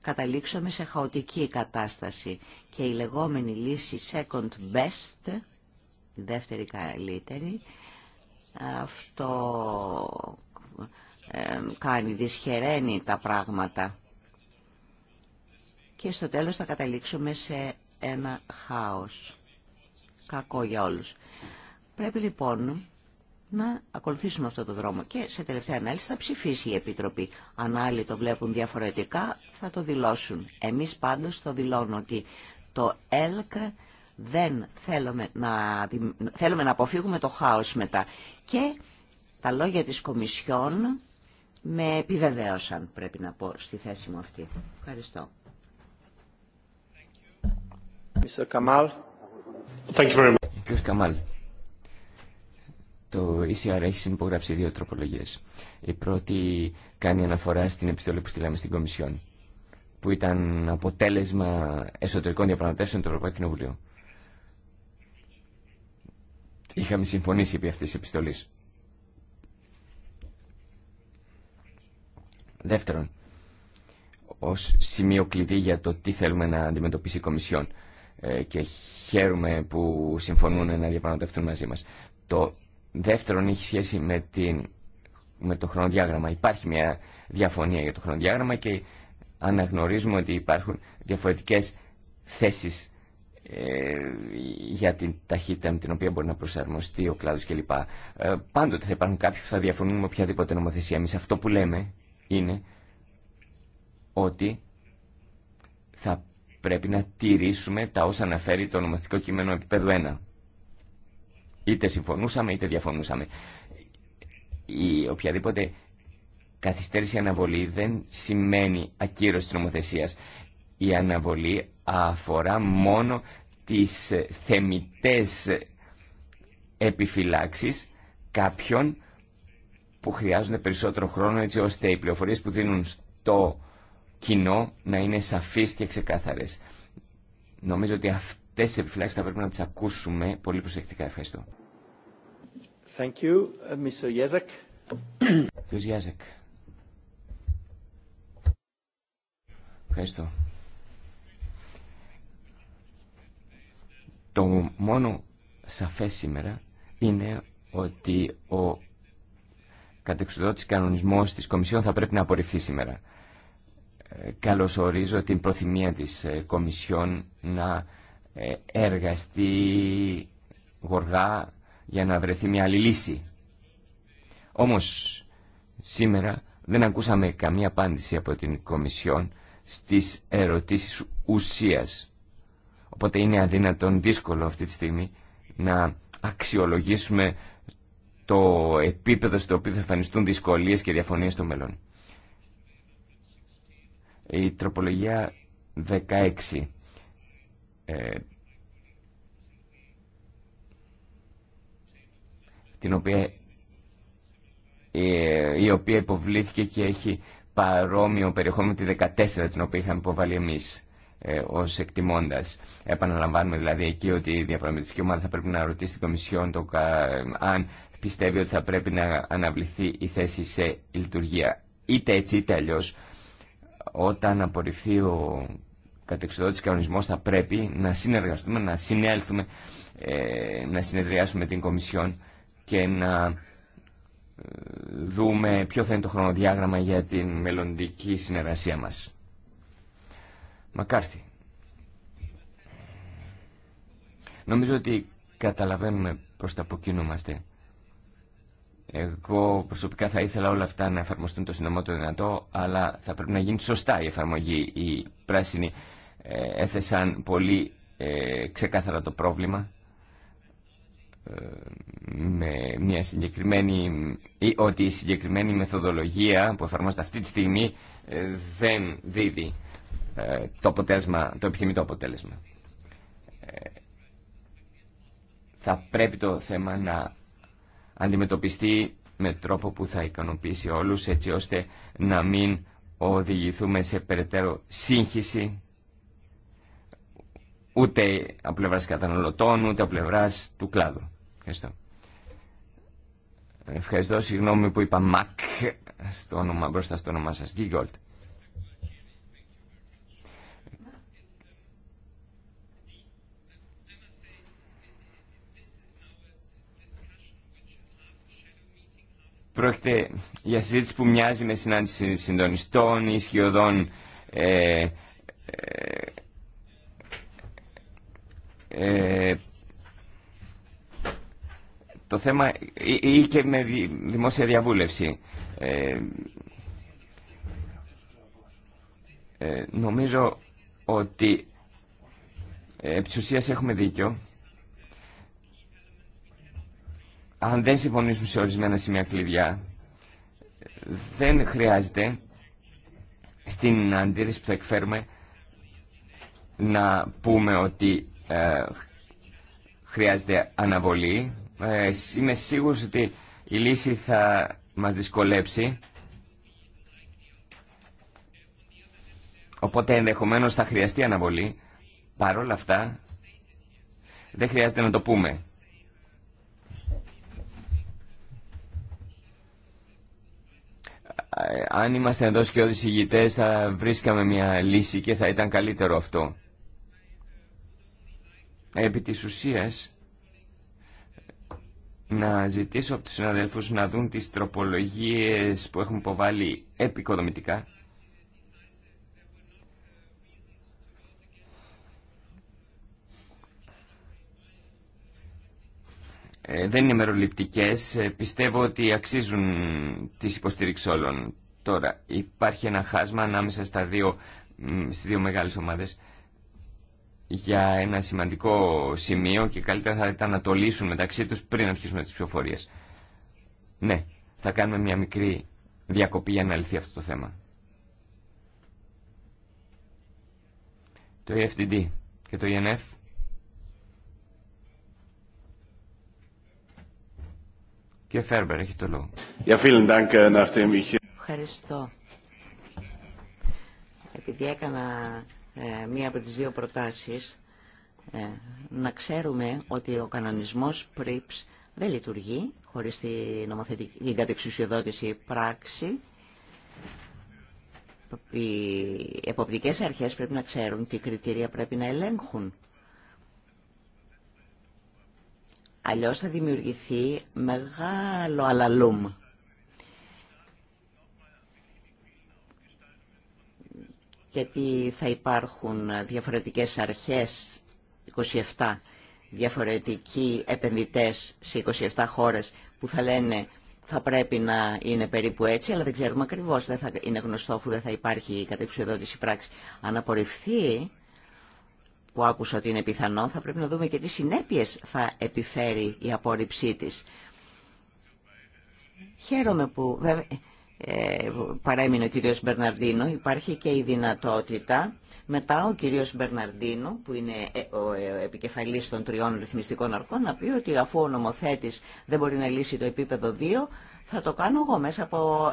καταλήξαμε σε χαοτική κατάσταση και η λεγόμενη λύση second best, δεύτερη καλύτερη, αυτό ε, κάνει, δυσχεραίνει τα πράγματα και στο τέλος θα καταλήξουμε σε ένα χάος. Κακό για όλους. Πρέπει λοιπόν να ακολουθήσουμε αυτό το δρόμο. Και σε τελευταία ανάλυση θα ψηφίσει η Επιτροπή. Αν άλλοι το βλέπουν διαφορετικά θα το δηλώσουν. Εμείς πάντως το δηλώνω ότι το ΕΛΚ δεν θέλουμε να, θέλουμε να αποφύγουμε το χάος μετά. Και τα λόγια της Κομισιόν με επιβεβαίωσαν, πρέπει να πω, στη θέση μου αυτή. Ευχαριστώ. Mr. Kamal. Thank you very much. Το ECR έχει συνυπογράψει δύο τροπολογίε. Η πρώτη κάνει αναφορά στην επιστολή που στείλαμε στην Κομισιόν, που ήταν αποτέλεσμα εσωτερικών διαπραγματεύσεων του Ευρωπαϊκού Κοινοβουλίου. Είχαμε συμφωνήσει επί αυτής της επιστολής. Δεύτερον, ως σημείο κλειδί για το τι θέλουμε να αντιμετωπίσει η Κομισιόν ε, και χαίρομαι που συμφωνούν να διαπραγματευτούν μαζί μα. Το Δεύτερον, έχει σχέση με, την, με το χρονοδιάγραμμα. Υπάρχει μια διαφωνία για το χρονοδιάγραμμα και αναγνωρίζουμε ότι υπάρχουν διαφορετικές θέσεις ε, για την ταχύτητα με την οποία μπορεί να προσαρμοστεί ο κλάδος κλπ. Ε, πάντοτε θα υπάρχουν κάποιοι που θα διαφωνούν με οποιαδήποτε νομοθεσία. Εμείς αυτό που λέμε είναι ότι θα πρέπει να τηρήσουμε τα όσα αναφέρει το νομοθετικό κείμενο επίπεδο 1 είτε συμφωνούσαμε είτε διαφωνούσαμε. Η οποιαδήποτε καθυστέρηση αναβολή δεν σημαίνει ακύρωση της νομοθεσίας. Η αναβολή αφορά μόνο τις ε, θεμητές ε, επιφυλάξεις κάποιων που χρειάζονται περισσότερο χρόνο έτσι ώστε οι πληροφορίες που δίνουν στο κοινό να είναι σαφείς και ξεκάθαρες. Νομίζω ότι αυτό τέσσερις θα πρέπει να τις ακούσουμε πολύ προσεκτικά. Ευχαριστώ. Thank you, Mr. Jezek. Jezek. Ευχαριστώ. Το μόνο σαφές σήμερα είναι ότι ο κατεξουδότης κανονισμός της Κομισιόν θα πρέπει να απορριφθεί σήμερα. Ε, ορίζω την προθυμία της ε, Κομισιόν να ε, έργαστή, γοργά για να βρεθεί μια άλλη λύση. Όμως σήμερα δεν ακούσαμε καμία απάντηση από την Κομισιόν στις ερωτήσεις ουσίας. Οπότε είναι αδύνατον δύσκολο αυτή τη στιγμή να αξιολογήσουμε το επίπεδο στο οποίο θα εμφανιστούν δυσκολίες και διαφωνίες στο μέλλον. Η τροπολογία 16 ε, την οποία, ε, η οποία υποβλήθηκε και έχει παρόμοιο περιεχόμενο τη 14 την οποία είχαμε υποβάλει εμείς ε, ω εκτιμώντα. Επαναλαμβάνουμε δηλαδή εκεί ότι η διαπραγματευτική ομάδα θα πρέπει να ρωτήσει την Κομισιόν το, αν πιστεύει ότι θα πρέπει να αναβληθεί η θέση σε λειτουργία. Είτε έτσι είτε αλλιώ, όταν απορριφθεί ο κατεξοδότηση κανονισμό θα πρέπει να συνεργαστούμε, να συνέλθουμε, ε, να συνεδριάσουμε την Κομισιόν και να ε, δούμε ποιο θα είναι το χρονοδιάγραμμα για την μελλοντική συνεργασία μας. Μακάρθη. Νομίζω ότι καταλαβαίνουμε προς τα που κινούμαστε. Εγώ προσωπικά θα ήθελα όλα αυτά να εφαρμοστούν το συντομό δυνατό, αλλά θα πρέπει να γίνει σωστά η εφαρμογή. η πράσινη ε, έθεσαν πολύ ε, ξεκάθαρα το πρόβλημα ε, με μια συγκεκριμένη ή ότι η συγκεκριμένη μεθοδολογία που εφαρμόζεται αυτή τη στιγμή δεν δίδει το, αποτέλεσμα, το επιθυμητό αποτέλεσμα. Θα πρέπει το θέμα να αντιμετωπιστεί με τρόπο που θα ικανοποιήσει όλους έτσι ώστε να μην οδηγηθούμε σε περαιτέρω σύγχυση ούτε από πλευρά καταναλωτών, ούτε από πλευρά του κλάδου. Ευχαριστώ. Ευχαριστώ, συγγνώμη που είπα ΜΑΚ στο όνομα, μπροστά στο όνομά σας. Γίγολτ. Πρόκειται για συζήτηση που μοιάζει με συνάντηση συντονιστών ή σκιωδών ε, ε, ε, το θέμα ή, και με δημόσια διαβούλευση. Ε, ε, νομίζω ότι επί έχουμε δίκιο. Αν δεν συμφωνήσουμε σε ορισμένα σημεία κλειδιά, δεν χρειάζεται στην αντίρρηση που θα εκφέρουμε να πούμε ότι ε, χρειάζεται αναβολή. Ε, είμαι σίγουρος ότι η λύση θα μας δυσκολέψει. Οπότε ενδεχομένως θα χρειαστεί αναβολή. Παρ' όλα αυτά δεν χρειάζεται να το πούμε. Ε, αν είμαστε εδώ σκιώδεις ηγητές θα βρίσκαμε μια λύση και θα ήταν καλύτερο αυτό επί της ουσίας να ζητήσω από τους συναδέλφους να δουν τις τροπολογίες που έχουν υποβάλει επικοδομητικά ε, δεν είναι μεροληπτικές, ε, πιστεύω ότι αξίζουν τις υποστήριξη όλων. Τώρα υπάρχει ένα χάσμα ανάμεσα στα δύο, στις δύο μεγάλες ομάδες για ένα σημαντικό σημείο και καλύτερα θα ήταν να το λύσουν μεταξύ τους πριν αρχίσουμε τις ψηφοφορίες. Ναι, θα κάνουμε μια μικρή διακοπή για να λυθεί αυτό το θέμα. Το EFTD και το ENF και Φέρμπερ έχει το λόγο. Äh, Ευχαριστώ. Επειδή έκανα ε, μία από τις δύο προτάσεις ε, να ξέρουμε ότι ο κανονισμός PRIPS δεν λειτουργεί χωρίς την, νομοθετική, την κατεξουσιοδότηση πράξη. Οι εποπτικές αρχές πρέπει να ξέρουν τι κριτήρια πρέπει να ελέγχουν. Αλλιώς θα δημιουργηθεί μεγάλο αλαλούμ γιατί θα υπάρχουν διαφορετικές αρχές 27 διαφορετικοί επενδυτές σε 27 χώρες που θα λένε θα πρέπει να είναι περίπου έτσι, αλλά δεν ξέρουμε ακριβώς, δεν θα είναι γνωστό αφού δεν θα υπάρχει η κατεξουδότηση πράξη. Αν απορριφθεί, που άκουσα ότι είναι πιθανό, θα πρέπει να δούμε και τι συνέπειες θα επιφέρει η απόρριψή της. Χαίρομαι που βέβαια, ε, παρέμεινε ο κύριος Μπερναρντίνο, υπάρχει και η δυνατότητα μετά ο κύριος Μπερναρντίνο, που είναι ε, ε, ο επικεφαλής των τριών ρυθμιστικών αρχών, να πει ότι αφού ο νομοθέτης δεν μπορεί να λύσει το επίπεδο 2, θα το κάνω εγώ μέσα από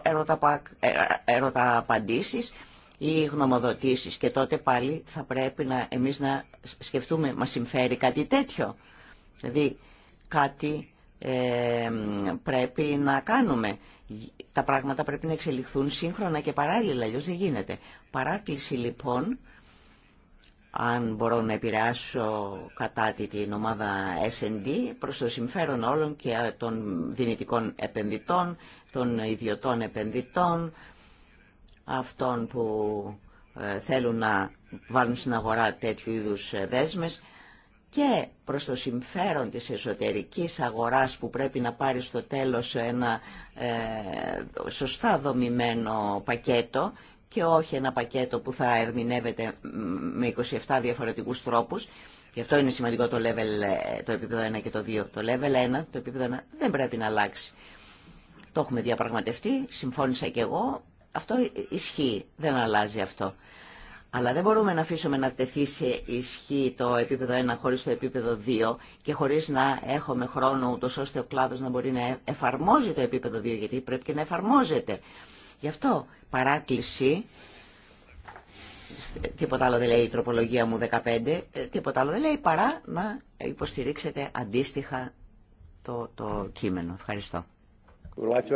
ερωταπαντήσεις ή γνωμοδοτήσεις και τότε πάλι θα πρέπει να, εμείς να σκεφτούμε, μα συμφέρει κάτι τέτοιο. Δηλαδή κάτι πρέπει να κάνουμε τα πράγματα πρέπει να εξελιχθούν σύγχρονα και παράλληλα, αλλιώς δεν γίνεται. Παράκληση λοιπόν, αν μπορώ να επηρεάσω κατά την ομάδα S&D προς το συμφέρον όλων και των δυνητικών επενδυτών, των ιδιωτών επενδυτών, αυτών που ε, θέλουν να βάλουν στην αγορά τέτοιου είδους ε, δέσμες και προς το συμφέρον της εσωτερικής αγοράς που πρέπει να πάρει στο τέλος ένα ε, σωστά δομημένο πακέτο και όχι ένα πακέτο που θα ερμηνεύεται με 27 διαφορετικούς τρόπους. Γι' αυτό είναι σημαντικό το, level, ε, το επίπεδο 1 και το 2. Το level 1, το επίπεδο 1 δεν πρέπει να αλλάξει. Το έχουμε διαπραγματευτεί, συμφώνησα και εγώ. Αυτό ισχύει, δεν αλλάζει αυτό. Αλλά δεν μπορούμε να αφήσουμε να τεθεί σε ισχύ το επίπεδο 1 χωρίς το επίπεδο 2 και χωρίς να έχουμε χρόνο ούτως ώστε ο κλάδος να μπορεί να εφαρμόζει το επίπεδο 2 γιατί πρέπει και να εφαρμόζεται. Γι' αυτό παράκληση, τίποτα άλλο δεν λέει η τροπολογία μου 15, ε, τίποτα άλλο δεν λέει παρά να υποστηρίξετε αντίστοιχα το, το κείμενο. Ευχαριστώ. Would like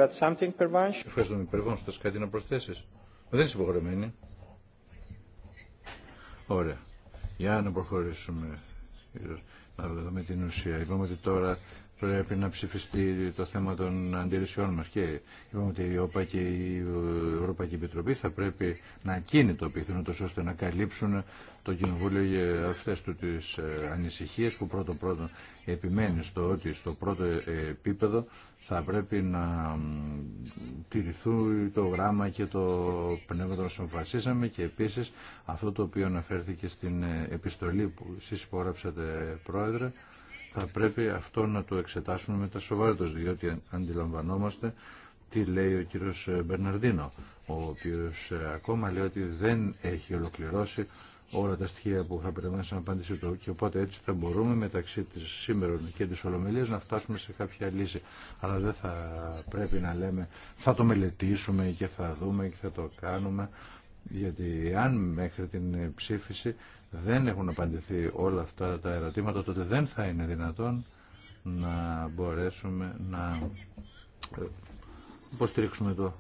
Ευχαριστώ, Θες κάτι να προσθέσεις. Δεν είσαι υποχρεωμένη. Ωραία. Για να προχωρήσουμε. Να δούμε την ουσία. Είπαμε ότι τώρα πρέπει να ψηφιστεί το θέμα των αντιρρησιών μας και είπαμε ότι η ΟΠΑ και η Ευρωπαϊκή Επιτροπή θα πρέπει να κινητοποιηθούν τόσο ώστε να καλύψουν το Κοινοβούλιο για αυτές του τις ε, ανησυχίες που πρώτον πρώτον επιμένει στο ότι στο πρώτο ε, επίπεδο θα πρέπει να τηρηθούν το γράμμα και το πνεύμα των συμφασίσαμε και επίσης αυτό το οποίο αναφέρθηκε στην ε, επιστολή που εσεί υπογράψατε πρόεδρε θα πρέπει αυτό να το εξετάσουμε με τα σοβαρότητα, διότι αντιλαμβανόμαστε τι λέει ο κύριος Μπερναρδίνο, ο οποίος ακόμα λέει ότι δεν έχει ολοκληρώσει όλα τα στοιχεία που θα πρέπει να απάντηση του και οπότε έτσι θα μπορούμε μεταξύ της σήμερα και της Ολομελίας να φτάσουμε σε κάποια λύση. Αλλά δεν θα πρέπει να λέμε θα το μελετήσουμε και θα δούμε και θα το κάνουμε. Γιατί αν μέχρι την ψήφιση δεν έχουν απαντηθεί όλα αυτά τα ερωτήματα, τότε δεν θα είναι δυνατόν να μπορέσουμε να ε, υποστηρίξουμε το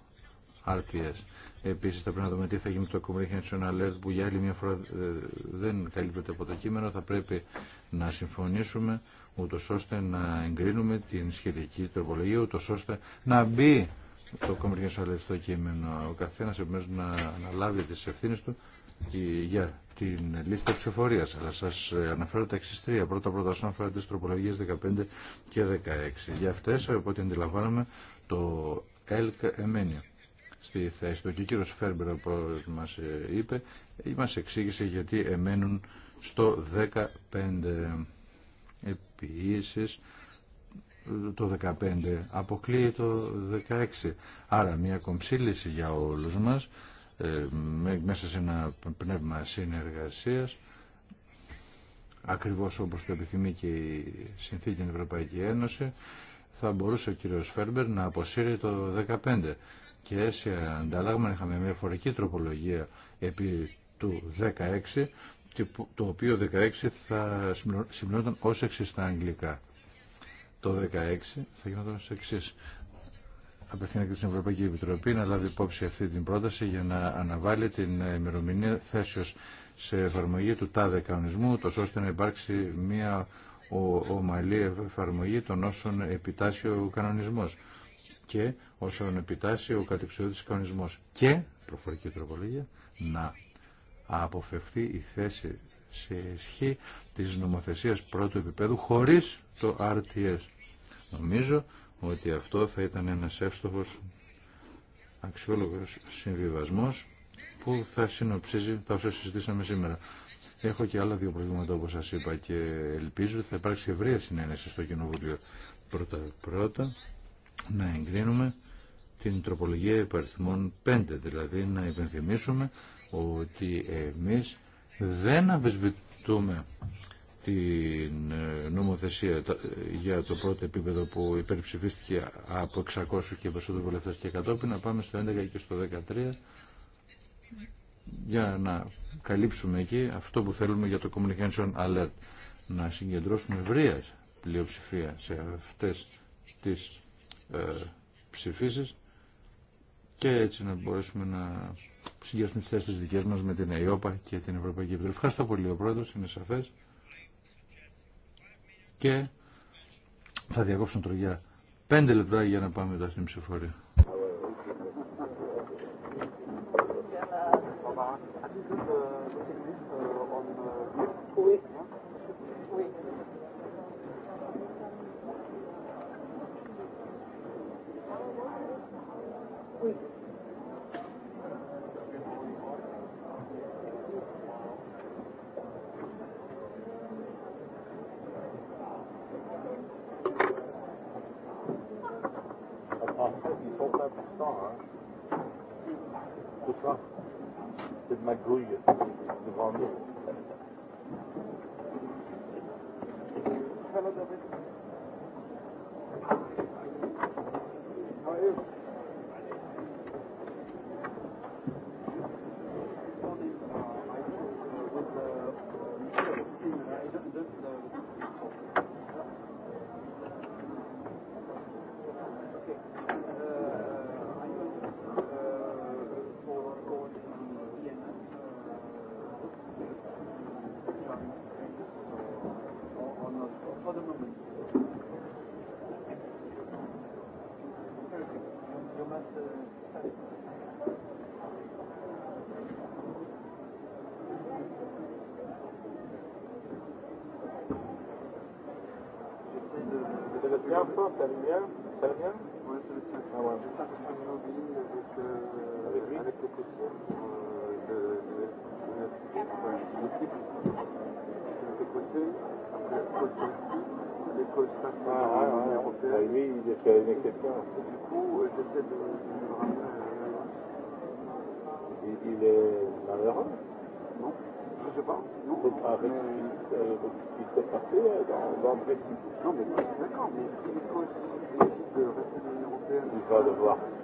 RTS. Επίση, θα πρέπει να δούμε τι θα γίνει με το Comprehension Alert που για άλλη μια φορά ε, δεν καλύπτεται από το κείμενο. Θα πρέπει να συμφωνήσουμε ούτω ώστε να εγκρίνουμε την σχετική τροπολογία, ούτω ώστε να μπει το κομμουνιστικό σε στο κείμενο. Ο καθένας επιμένει να αναλάβει τι ευθύνε του ε, για την λίστα ψηφορία. Αλλά σα ε, αναφέρω τα εξή τρία. Πρώτα πρώτα όσον αφορά τι τροπολογίε 15 και 16. Για αυτέ, ε, από ό,τι αντιλαμβάνομαι, το ΕΛΚ εμένει στη θέση του. Και ο κύριο Φέρμπερ, ο μα είπε, μα εξήγησε γιατί εμένουν στο 15. Επίση, το 15, αποκλείει το 16. Άρα μια κομψήληση για όλους μας, ε, μέσα σε ένα πνεύμα συνεργασίας, ακριβώς όπως το επιθυμεί και η συνθήκη στην Ευρωπαϊκή Ένωση, θα μπορούσε ο κύριος Φέρμπερ να αποσύρει το 15. Και σε ανταλλάγμα είχαμε μια φορική τροπολογία επί του 16, το οποίο 16 θα συμπληρώνονταν ως εξής στα αγγλικά το 2016 θα γινόταν στο εξή. Απευθύνεται και στην Ευρωπαϊκή Επιτροπή να λάβει υπόψη αυτή την πρόταση για να αναβάλει την ημερομηνία θέσεω σε εφαρμογή του τάδε κανονισμού, τόσο ώστε να υπάρξει μια ομαλή εφαρμογή των όσων επιτάσσει ο κανονισμός και όσων επιτάσσει ο κατεξοδότη κανονισμός και, προφορική τροπολογία, να αποφευθεί η θέση σε ισχύ της νομοθεσίας πρώτου επίπεδου χωρίς το RTS. Νομίζω ότι αυτό θα ήταν ένας εύστοχος αξιόλογος συμβιβασμός που θα συνοψίζει τα όσα συζητήσαμε σήμερα. Έχω και άλλα δύο προβλήματα όπως σας είπα και ελπίζω ότι θα υπάρξει ευρεία συνένεση στο Κοινοβούλιο. Πρώτα πρώτα να εγκρίνουμε την τροπολογία υπαριθμών 5, δηλαδή να υπενθυμίσουμε ότι εμείς δεν αμφισβητούμε την ε, νομοθεσία για το πρώτο επίπεδο που υπερψηφίστηκε από 600 και περισσότερο βουλευτές και κατόπιν να πάμε στο 11 και στο 13 για να καλύψουμε εκεί αυτό που θέλουμε για το Communication Alert να συγκεντρώσουμε ευρεία πλειοψηφία σε αυτές τις ε, ψηφίσεις και έτσι να μπορέσουμε να συγκεντρώσουμε τις θέσεις δικές μας με την ΕΙΟΠΑ και την Ευρωπαϊκή Επιτροπή. Ευχαριστώ πολύ ο Πρόεδρος, είναι σαφές και θα διακόψουν τρογιά πέντε λεπτά για να πάμε μετά στην ψηφορία.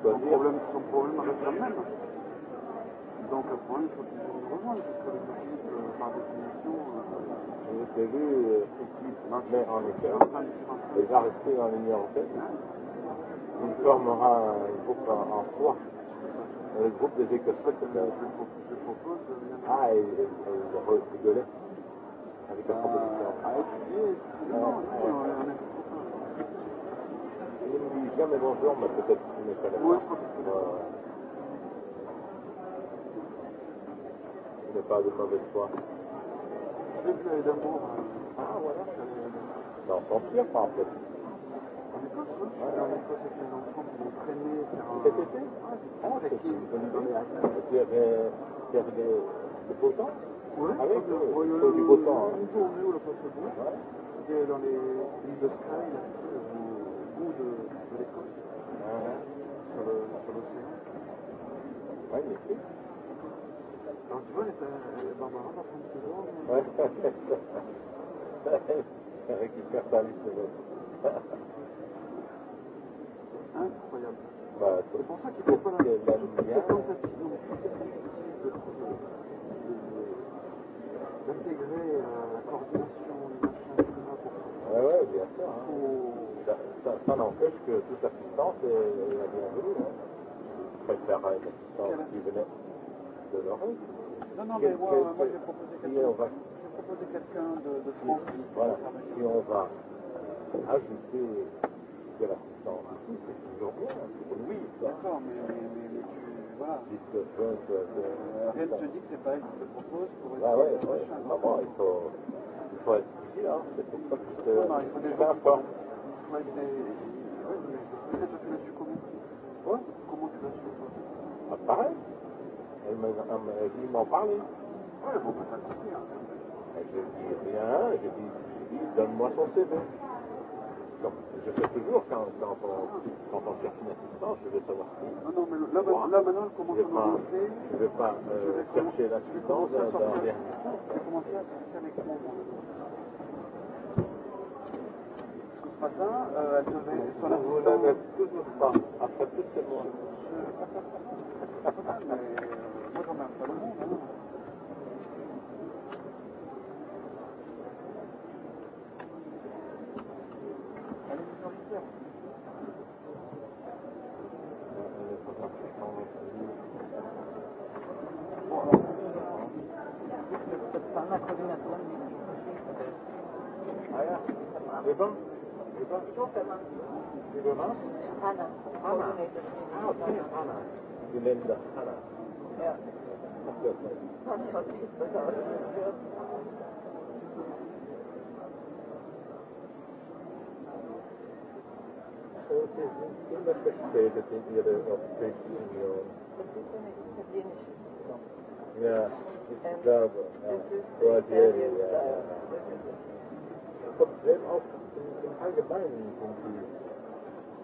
Son problème, son problème Donc on ce il faut toujours nous rejoindre, parce que les par définition, euh, j'ai vu, mais en effet, déjà resté dans l'Union européenne, il formera un groupe en soi, le groupe des Écossais. Je propose. Ah, et, et, et avec la proposition. étudier, Il vient mais bonjour, peut-être pas là. Oui, pas de mauvaise foi. sais que Ah, voilà. C'est pire, pas en fait. En Écosse, oui. En Écosse, enfant qui traîné. Cet été Ah, qui il y avait des beaux temps Oui. Ah oui, du dans les îles de Sky, de, de l'école Sur le sur l'océan Oui, il tu vois, Barbara Ouais. Incroyable. Bah, c'est pour ça qu'il faut pas la d'intégrer la coordination, etc. Ouais, ouais, bien sûr ça n'empêche que toute assistance est la bienvenue. Je préfère l'assistance qui venait de l'Europe. Non, non, mais moi, j'ai proposé quelqu'un quelqu'un de, de France. Voilà. Si on va ajouter de l'assistance ici, c'est toujours bien. Oui, d'accord, mais, mais, mais, tu. Voilà. Rien ne te dit que c'est pas elle qui te propose pour Ah ouais, ouais. il faut, il faut être vigilant. C'est pour ça que je te. Non, comment tu vas Pareil. Elle dit, m'en parler. Ouais, bon, ça Je dis rien, je dis, donne-moi son CV. je fais toujours, quand, quand, on, quand cherche une assistance, je veux savoir qui. Non, mais là, là maintenant, elle commence à me Je ne vais pas chercher l'assistance commencer à ce matin, elle devait vous toujours pas, après toutes ces mois. όνομα. Anna. You Yeah. Ja, ich glaube. Ja. ja. auch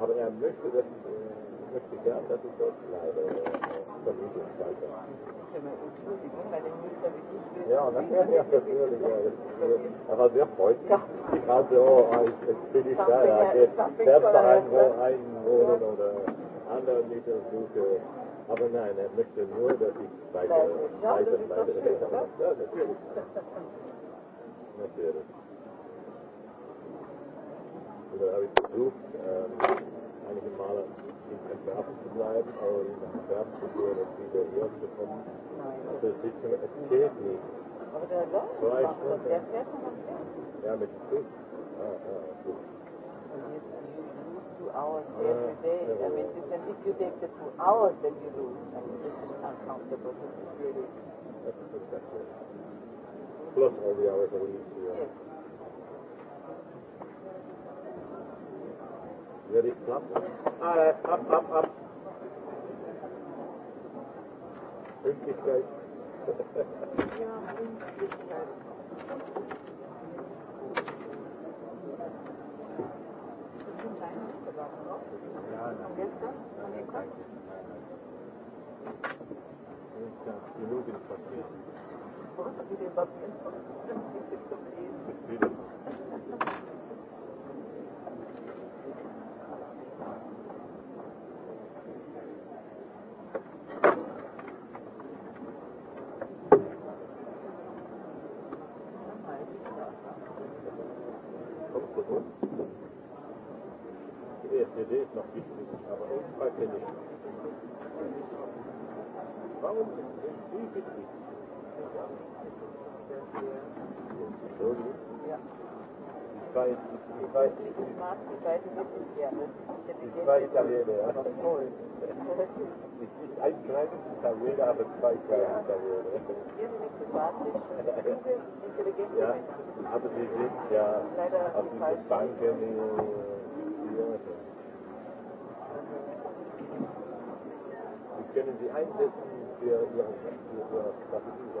Aber er möchte, dass möchte gern, dass ich dort bleibe. Vermögensseite. Ja, natürlich, natürlich. Er war sehr freundlich. Also, jetzt bin ich da. Er hat selbst einholen oder andere Mieter suche. Aber nein, er möchte nur, dass ich weiter, weiter, weiter. Ja, natürlich. Natürlich oder habe ich versucht, ähm, einige Male in Entwerfen zu bleiben, aber in Entwerfen zu gehen und wieder hier zu kommen. Also es, ist, geht nicht. Aber der läuft, Zwei Stunden. Der fährt Ja, mit dem Zug. Ja, ah, gut. And you, and you lose two hours every day. I mean, this, and if you take the two hours, then you lose. I mean, this is uncomfortable. This is really... That's a good question. Plus all the hours that we need to... Yes. Very up. Right, up, up, up. Pünktlichkeit. ja, Pünktlichkeit. Minuten passiert. Was Italiener. Ja. ein kleines Italiener, aber zwei kleine Italiener. Ja, aber sie sind ja auf diese Banken hier. Sie können sie einsetzen für ihre Strategie.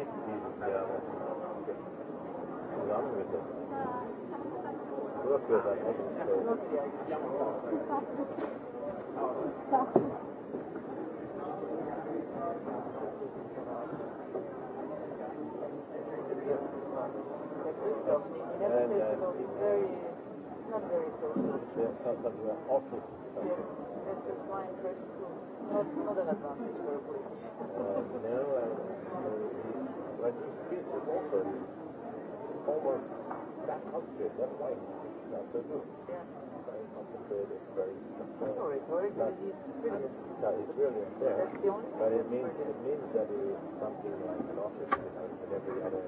Not an advantage for a politician when you almost that so But it means, it means that it is something like an office in every other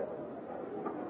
uh,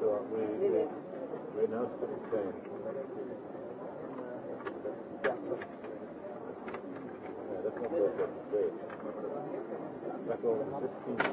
So we, we, we announced it Yeah, that's not today.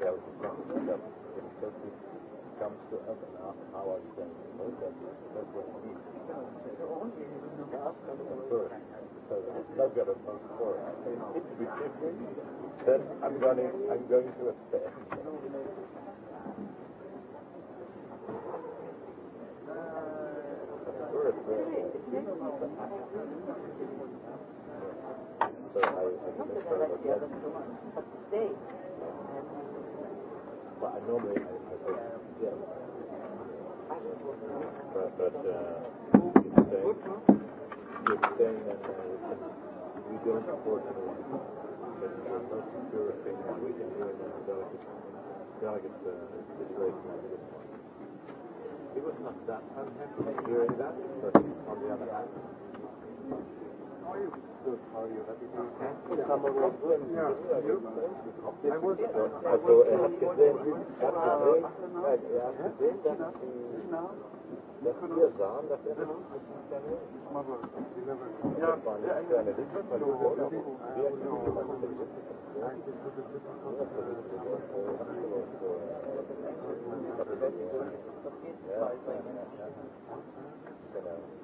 there because it comes to us and going to for it. different, I'm going to but I normally I, I, I yeah. But, but uh, it's saying, it's saying that uh, we don't support anyone. But it's not secure thing that we can do in a delicate, delicate uh, situation like this one. He was not that unhappy hearing that, but on the other hand, Also er hat gesehen, er hat gesehen, er hat gesehen, dass, dass er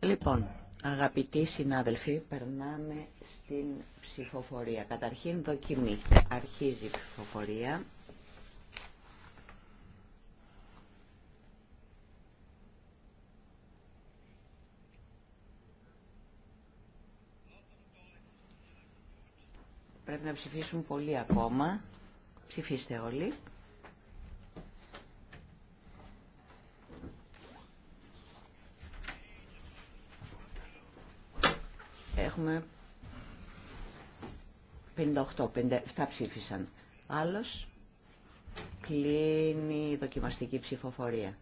Λοιπόν, αγαπητοί συνάδελφοι, περνάμε στην ψηφοφορία. Καταρχήν δοκιμή. Αρχίζει η ψηφοφορία. Πρέπει να ψηφίσουν πολλοί ακόμα. Ψηφίστε όλοι. Έχουμε 58, 57 ψήφισαν. Άλλος κλείνει η δοκιμαστική ψηφοφορία.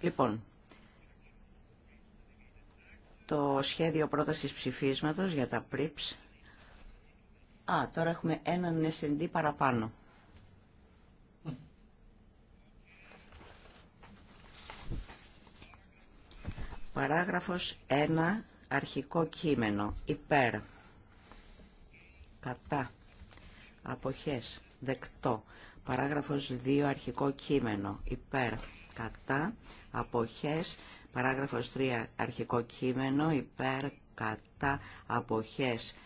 Λοιπόν, το σχέδιο πρότασης ψηφίσματος για τα PRIPS. Α, τώρα έχουμε έναν S&D παραπάνω. Παράγραφος 1, αρχικό κείμενο, υπέρ, κατά, αποχές, δεκτό. Παράγραφος 2, αρχικό κείμενο, υπέρ, κατά, αποχές, παράγραφος 3, αρχικό κείμενο, υπέρ, κατά, αποχές,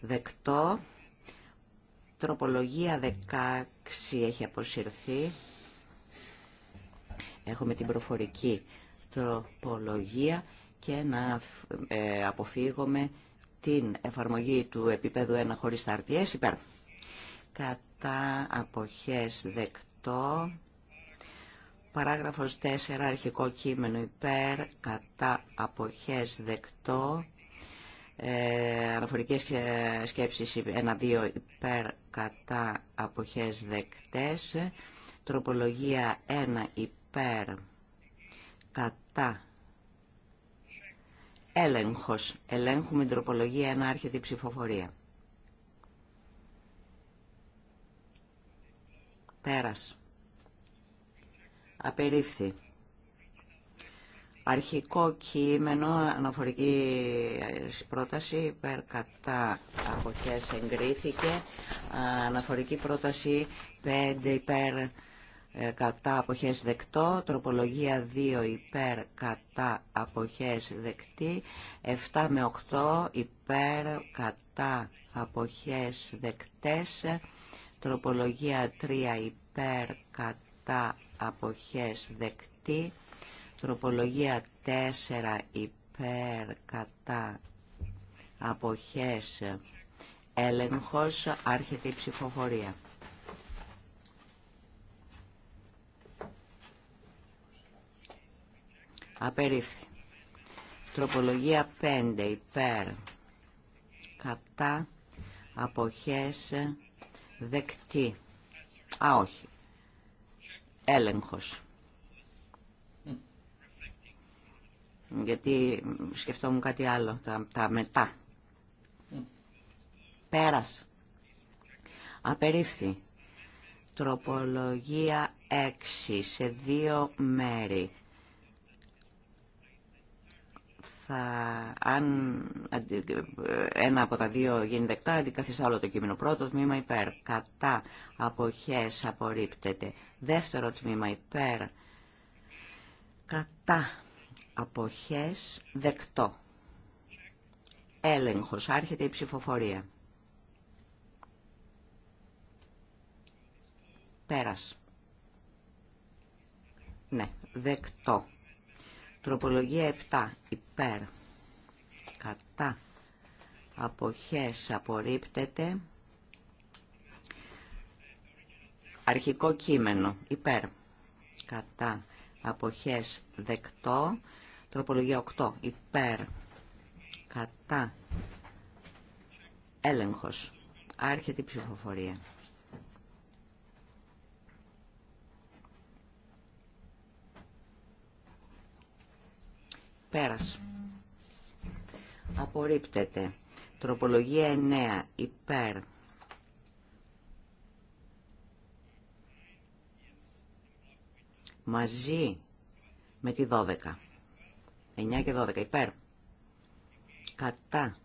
δεκτό. Τροπολογία 16 έχει αποσυρθεί. Έχουμε την προφορική τροπολογία και να ε, αποφύγουμε την εφαρμογή του επίπεδου 1 χωρίς τα RTS υπέρ. Κατά αποχές δεκτό, παράγραφος 4 αρχικό κείμενο υπέρ, κατά αποχές δεκτό, ε, αναφορικές ε, σκέψεις 1-2 υπέρ, κατά αποχές δεκτές, τροπολογία 1 υπέρ, κατά. Έλεγχος. Ελέγχουμε την τροπολογία ένα άρχεται ψηφοφορία. Πέρας. Απερίφθη. Αρχικό κείμενο, αναφορική πρόταση υπέρ κατά αποχές εγκρίθηκε. Αναφορική πρόταση 5 υπέρ ε, κατά αποχές δεκτό, τροπολογία 2 υπέρ κατά αποχές δεκτή, 7 με 8 υπέρ κατά αποχές δεκτές, τροπολογία 3 υπέρ κατά αποχές δεκτή, τροπολογία 4 υπέρ κατά αποχές έλεγχος, άρχεται η ψηφοφορία. Απερίφθη. Τροπολογία 5 υπέρ κατά αποχές δεκτή. Α, όχι. Έλεγχος. Γιατί σκεφτόμουν κάτι άλλο, τα, μετά. Πέρας. Απερίφθη. Τροπολογία 6 σε δύο μέρη θα, αν ένα από τα δύο γίνει δεκτά, αντικαθιστά όλο το κείμενο. Πρώτο τμήμα υπέρ, κατά, αποχές, απορρίπτεται. Δεύτερο τμήμα υπέρ, κατά, αποχές, δεκτό. Έλεγχος, άρχεται η ψηφοφορία. Πέρας. Ναι, δεκτό. Τροπολογία 7. Υπέρ. Κατά. Αποχές απορρίπτεται. Αρχικό κείμενο. Υπέρ. Κατά. Αποχές δεκτό. Τροπολογία 8. Υπέρ. Κατά. Έλεγχος. Άρχεται η ψηφοφορία. Πέρας. Απορρίπτεται. Τροπολογία 9. Υπέρ. Μαζί με τη 12. 9 και 12. Υπέρ. Κατά.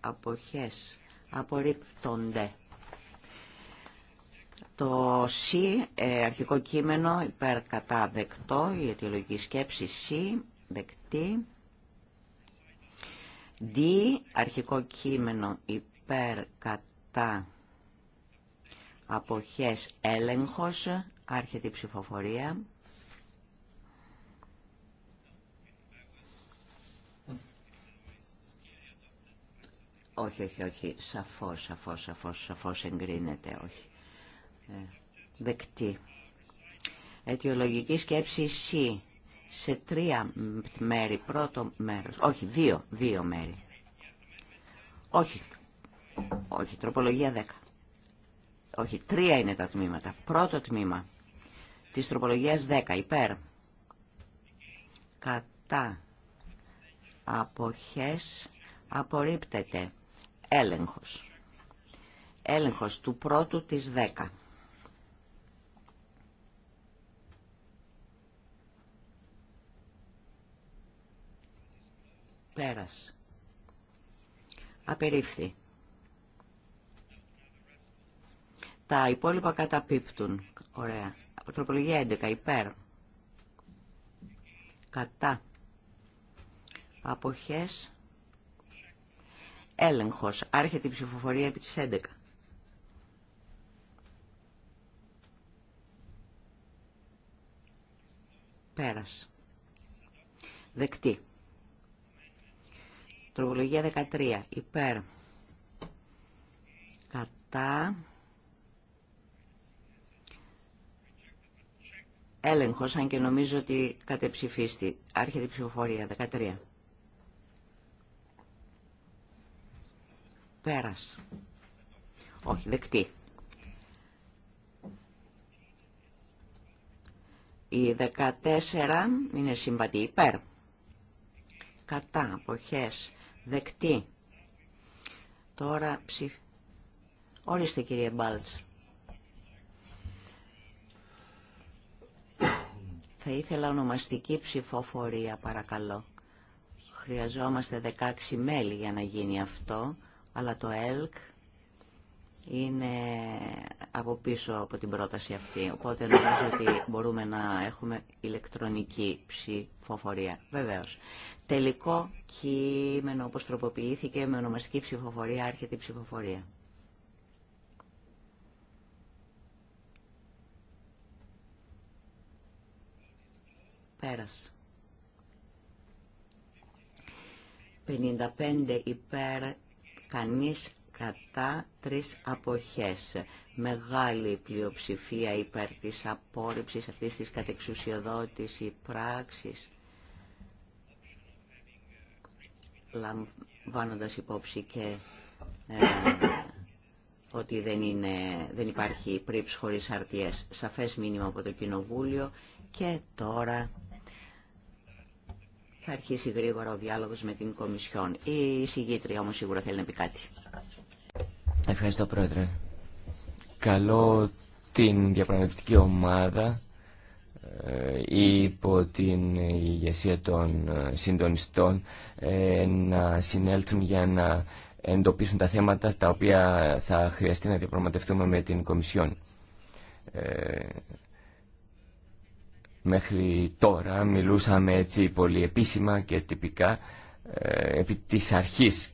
Αποχές. Απορρίπτονται. Το C, ε, αρχικό κείμενο, υπέρ κατά δεκτό, η αιτιολογική σκέψη C, δεκτή. D, αρχικό κείμενο υπέρ κατά αποχές έλεγχος, άρχεται η ψηφοφορία. Όχι, όχι, όχι, σαφώς, σαφώς, σαφώς, σαφώς εγκρίνεται, όχι. Ε, δεκτή. Αιτιολογική σκέψη C σε τρία μέρη, πρώτο μέρος, όχι δύο, δύο μέρη. Όχι, όχι, τροπολογία 10. Όχι, τρία είναι τα τμήματα. Πρώτο τμήμα της τροπολογίας 10, υπέρ. Κατά αποχές απορρίπτεται έλεγχος. Έλεγχος του πρώτου της 10. Πέρας. Απερίφθη. Τα υπόλοιπα καταπίπτουν. Ωραία. Τροπολογία 11. Υπέρ. Κατά. Αποχές. Έλεγχος. Άρχεται η ψηφοφορία επί της 11. Πέρας. Δεκτή. Τροπολογία 13. Υπέρ. Κατά. Έλεγχος, αν και νομίζω ότι κατεψηφίστη. Άρχεται η ψηφοφορία. 13. Πέρας. Όχι, δεκτή. Η 14 είναι συμβατή υπέρ. Κατά αποχές Δεκτή. Τώρα ψηφ... Ορίστε κύριε Μπάλτς. Θα ήθελα ονομαστική ψηφοφορία παρακαλώ. Χρειαζόμαστε 16 μέλη για να γίνει αυτό, αλλά το ΕΛΚ είναι από πίσω από την πρόταση αυτή. Οπότε νομίζω ότι μπορούμε να έχουμε ηλεκτρονική ψηφοφορία. Βεβαίως. Τελικό κείμενο όπως τροποποιήθηκε με ονομαστική ψηφοφορία άρχεται η ψηφοφορία. Πέρασε. 55 υπέρ, κανείς κατά τρεις αποχές. Μεγάλη πλειοψηφία υπέρ της απόρριψης αυτής της κατεξουσιοδότηση πράξης, λαμβάνοντας υπόψη και ε, ότι δεν, είναι, δεν υπάρχει πρίψ χωρίς αρτιές. Σαφές μήνυμα από το Κοινοβούλιο και τώρα θα αρχίσει γρήγορα ο διάλογος με την Κομισιόν. Η συγγήτρια όμως σίγουρα θέλει να πει κάτι. Ευχαριστώ, Πρόεδρε. Καλό την διαπραγματευτική ομάδα ε, υπό την ηγεσία των ε, συντονιστών ε, να συνέλθουν για να εντοπίσουν τα θέματα τα οποία θα χρειαστεί να διαπραγματευτούμε με την Κομισιόν. Μέχρι τώρα μιλούσαμε έτσι πολύ επίσημα και τυπικά επί της αρχής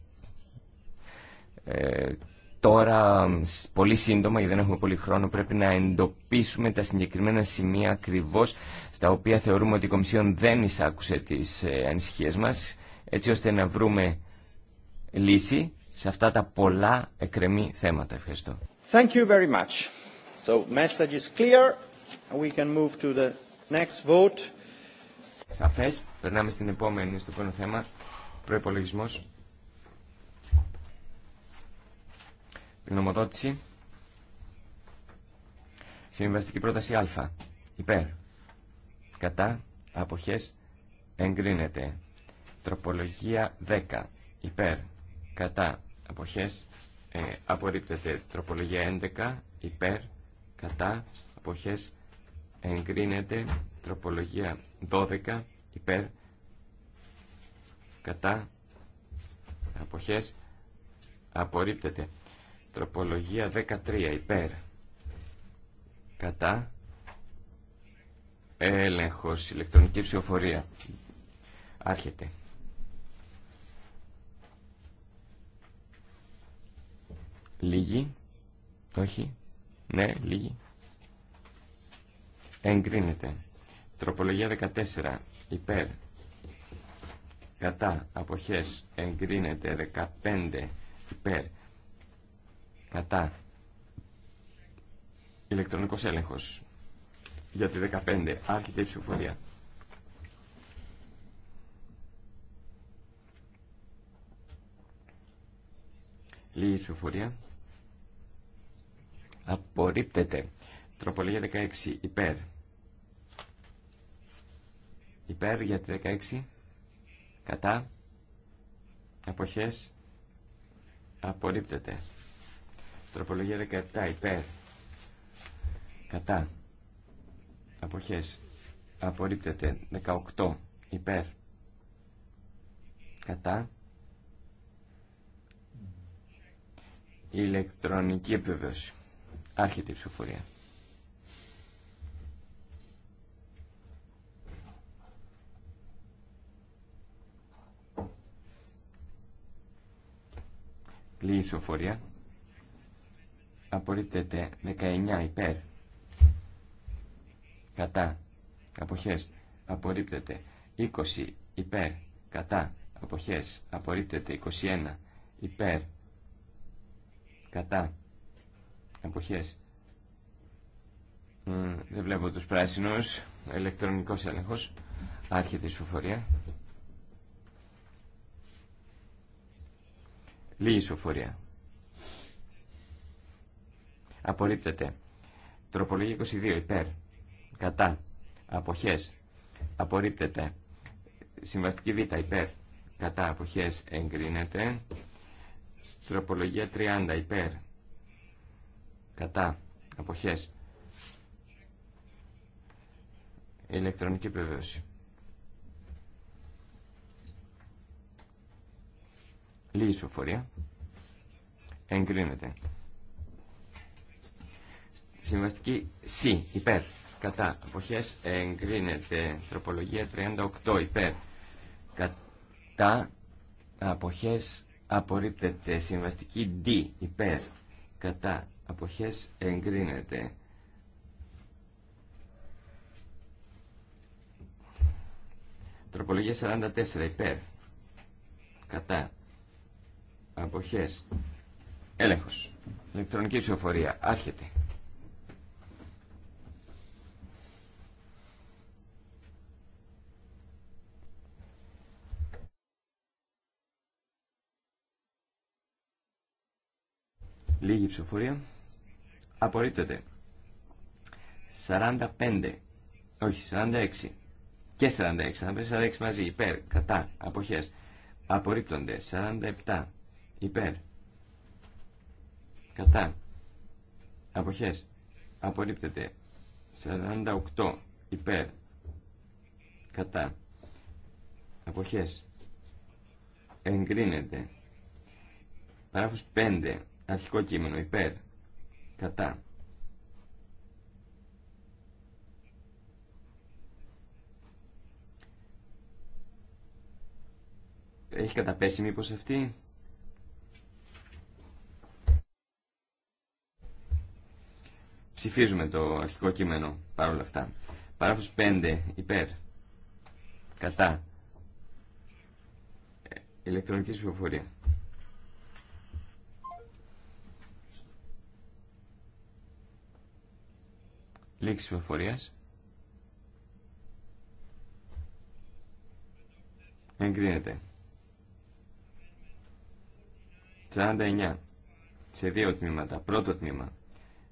τώρα πολύ σύντομα, γιατί δεν έχουμε πολύ χρόνο, πρέπει να εντοπίσουμε τα συγκεκριμένα σημεία ακριβώ στα οποία θεωρούμε ότι η Κομισιόν δεν εισάκουσε τις ε, ανησυχίες μας, έτσι ώστε να βρούμε λύση σε αυτά τα πολλά εκρεμή θέματα. Ευχαριστώ. Thank you very much. So, message is clear. We can move to the next vote. Σαφές. Περνάμε στην επόμενη, στο επόμενο θέμα. Προϋπολογισμός. Γνωμοδότηση. Συμβαστική πρόταση Α. Υπέρ. Κατά. Αποχές. Εγκρίνεται. Τροπολογία 10. Υπέρ. Κατά. Αποχές. Ε, απορρίπτεται. Τροπολογία 11. Υπέρ. Κατά. Αποχές. Εγκρίνεται. Τροπολογία 12. Υπέρ. Κατά. Αποχές. Απορρίπτεται. Τροπολογία 13 υπέρ. Κατά. Έλεγχος, ηλεκτρονική ψηφοφορία. Άρχεται. Λίγη. Όχι. Ναι, λίγη. Εγκρίνεται. Τροπολογία 14. Υπέρ. Κατά. Αποχές. Εγκρίνεται. 15. Υπέρ Κατά. Ηλεκτρονικός έλεγχος. Για τη 15. άρχιτε η ψηφοφορία. Λίγη ψηφοφορία. Απορρίπτεται. Τροπολογία 16. Υπέρ. Υπέρ για τη 16. Κατά. Αποχές. Απορρίπτεται. Τροπολογία 17 υπέρ. Κατά. Αποχές. Απορρίπτεται. 18 υπέρ. Κατά. Ηλεκτρονική επιβεβαίωση. Άρχεται η ψηφοφορία. Λίγη ψηφοφορία απορρίπτεται 19 υπέρ κατά αποχές απορρίπτεται 20 υπέρ κατά αποχές απορρίπτεται 21 υπέρ κατά αποχές δεν βλέπω τους πράσινους ηλεκτρονικός έλεγχος άρχεται η σοφορία λίγη σοφορία Απορρίπτεται. Τροπολογία 22 υπέρ. Κατά. Αποχές. Απορρίπτεται. Συμβαστική Β υπέρ. Κατά. Αποχές. Εγκρίνεται. Τροπολογία 30 υπέρ. Κατά. Αποχές. Ηλεκτρονική επιβεβαίωση. Λίγη φορία. Εγκρίνεται. Συμβαστική C υπέρ. Κατά αποχές εγκρίνεται. Τροπολογία 38 υπέρ. Κατά αποχές απορρίπτεται. Συμβαστική D υπέρ. Κατά αποχές εγκρίνεται. Τροπολογία 44 υπέρ. Κατά. Αποχές. Έλεγχος. Ηλεκτρονική ψηφοφορία. Άρχεται. Λίγη ψηφοφορία. Απορρίπτεται. 45. Όχι, 46. Και 46. Θα πει 46 μαζί. Υπέρ. Κατά. Αποχές. Απορρίπτονται. 47. Υπέρ. Κατά. Αποχές. Απορρίπτεται. 48. Υπέρ. Κατά. Αποχές. Εγκρίνεται. Παράγραφος 5. Αρχικό κείμενο υπέρ. Κατά. Έχει καταπέσει μήπως αυτή. Ψηφίζουμε το αρχικό κείμενο παρόλα αυτά. Παράγραφος 5 υπέρ. Κατά. Ε, ηλεκτρονική ψηφοφορία. Λήξη πληροφορία. Εγκρίνεται. 49. Σε δύο τμήματα. Πρώτο τμήμα.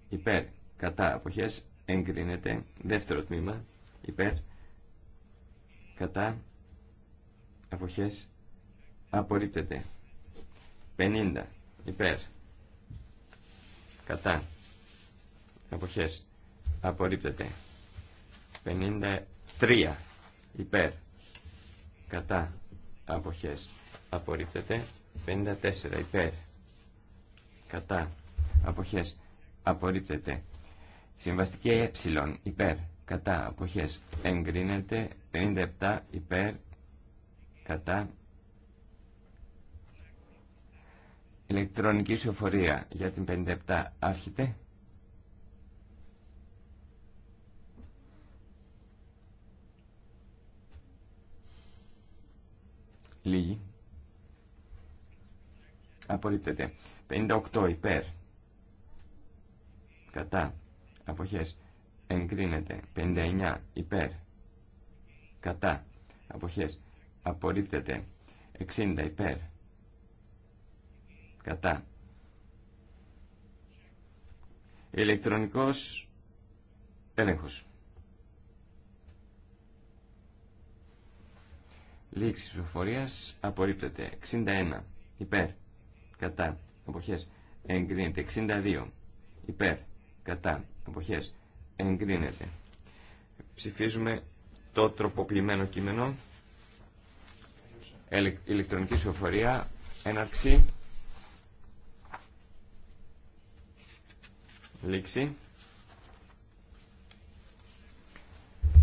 Υπέρ. Κατά. Αποχές. Εγκρίνεται. Δεύτερο τμήμα. Υπέρ. Κατά. Αποχές. Απορρίπτεται. 50. Υπέρ. Κατά. Αποχές απορρίπτεται 53 υπέρ κατά αποχές απορρίπτεται 54 υπέρ κατά αποχές απορρίπτεται συμβαστική ε υπέρ κατά αποχές εγκρίνεται 57 υπέρ κατά ηλεκτρονική σοφορία για την 57 άρχεται Λίγοι. Απορρίπτεται. 58 υπέρ. Κατά. Αποχές. Εγκρίνεται. 59 υπέρ. Κατά. Αποχές. Απορρίπτεται. 60 υπέρ. Κατά. Ηλεκτρονικός έλεγχος. Λήξη ψηφοφορία απορρίπτεται. 61. Υπέρ. Κατά. Αποχέ. Εγκρίνεται. 62. Υπέρ. Κατά. εποχέ. Εγκρίνεται. Ψηφίζουμε το τροποποιημένο κείμενο. Ηλεκτρονική ψηφοφορία. Έναρξη. Λήξη.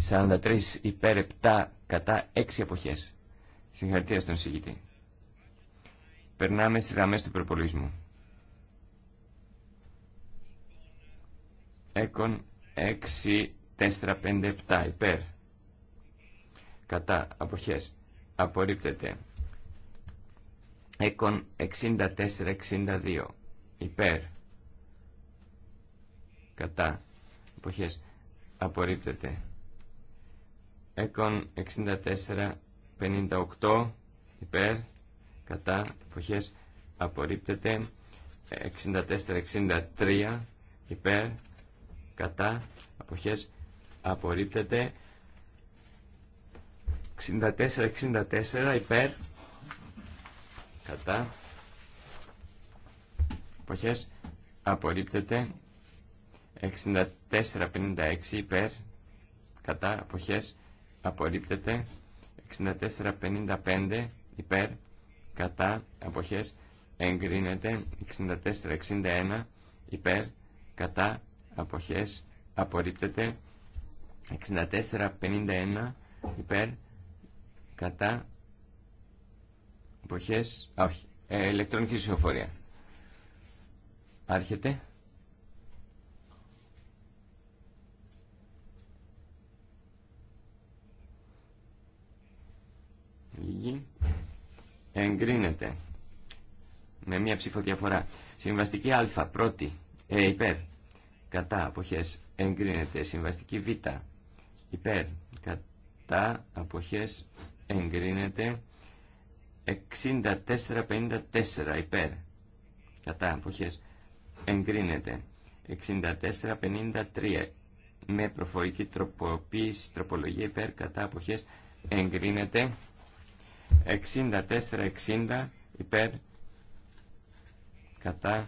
43 υπέρ 7 κατά 6 εποχές. Συγχαρητήρια στον συγκητή. Περνάμε στις γραμμές του προπολισμού. Έκον 6, 4, 5, 7 υπέρ. Κατά αποχές. Απορρίπτεται. Έκον 64, 62 υπέρ. Κατά αποχές. Απορρίπτεται. Έκον 64-58 υπέρ κατά εποχές απορρίπτεται 64-63 υπέρ κατά εποχές απορρίπτεται 64-64 υπέρ κατά εποχές απορρίπτεται 64-56 υπέρ κατά εποχές απορρίπτεται 64-55 υπέρ κατά αποχές εγκρίνεται 64-61 υπέρ κατά αποχές απορρίπτεται 64-51 υπέρ κατά αποχές όχι, ε, ηλεκτρονική ψηφοφορία άρχεται Λίγη. Εγκρίνεται. Με μία ψηφοδιαφορά. Συμβαστική Α, πρώτη, ε, υπέρ. Κατά, αποχέ. εγκρίνεται. Συμβαστική Β, υπέρ. απόχέ. αποχές, εγκρίνεται. 64-54, υπέρ. Κατά, αποχές, εγκρίνεται. 64-53, με προφορική τροποποίηση, τροπολογία υπέρ, κατά, αποχές, εγκρίνεται. 64-60 υπέρ κατά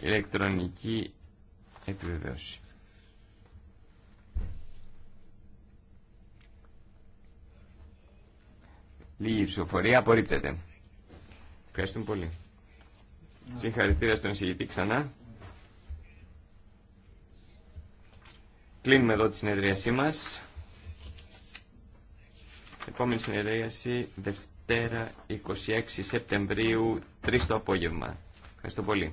ηλεκτρονική επιβεβαίωση. Λίγη ψηφοφορία απορρίπτεται. Ευχαριστούμε πολύ. Συγχαρητήρια στον εισηγητή ξανά. Κλείνουμε εδώ τη συνεδρίασή μας. Επόμενη συνεδρίαση Δευτέρα 26 Σεπτεμβρίου 3 το απόγευμα. Ευχαριστώ πολύ.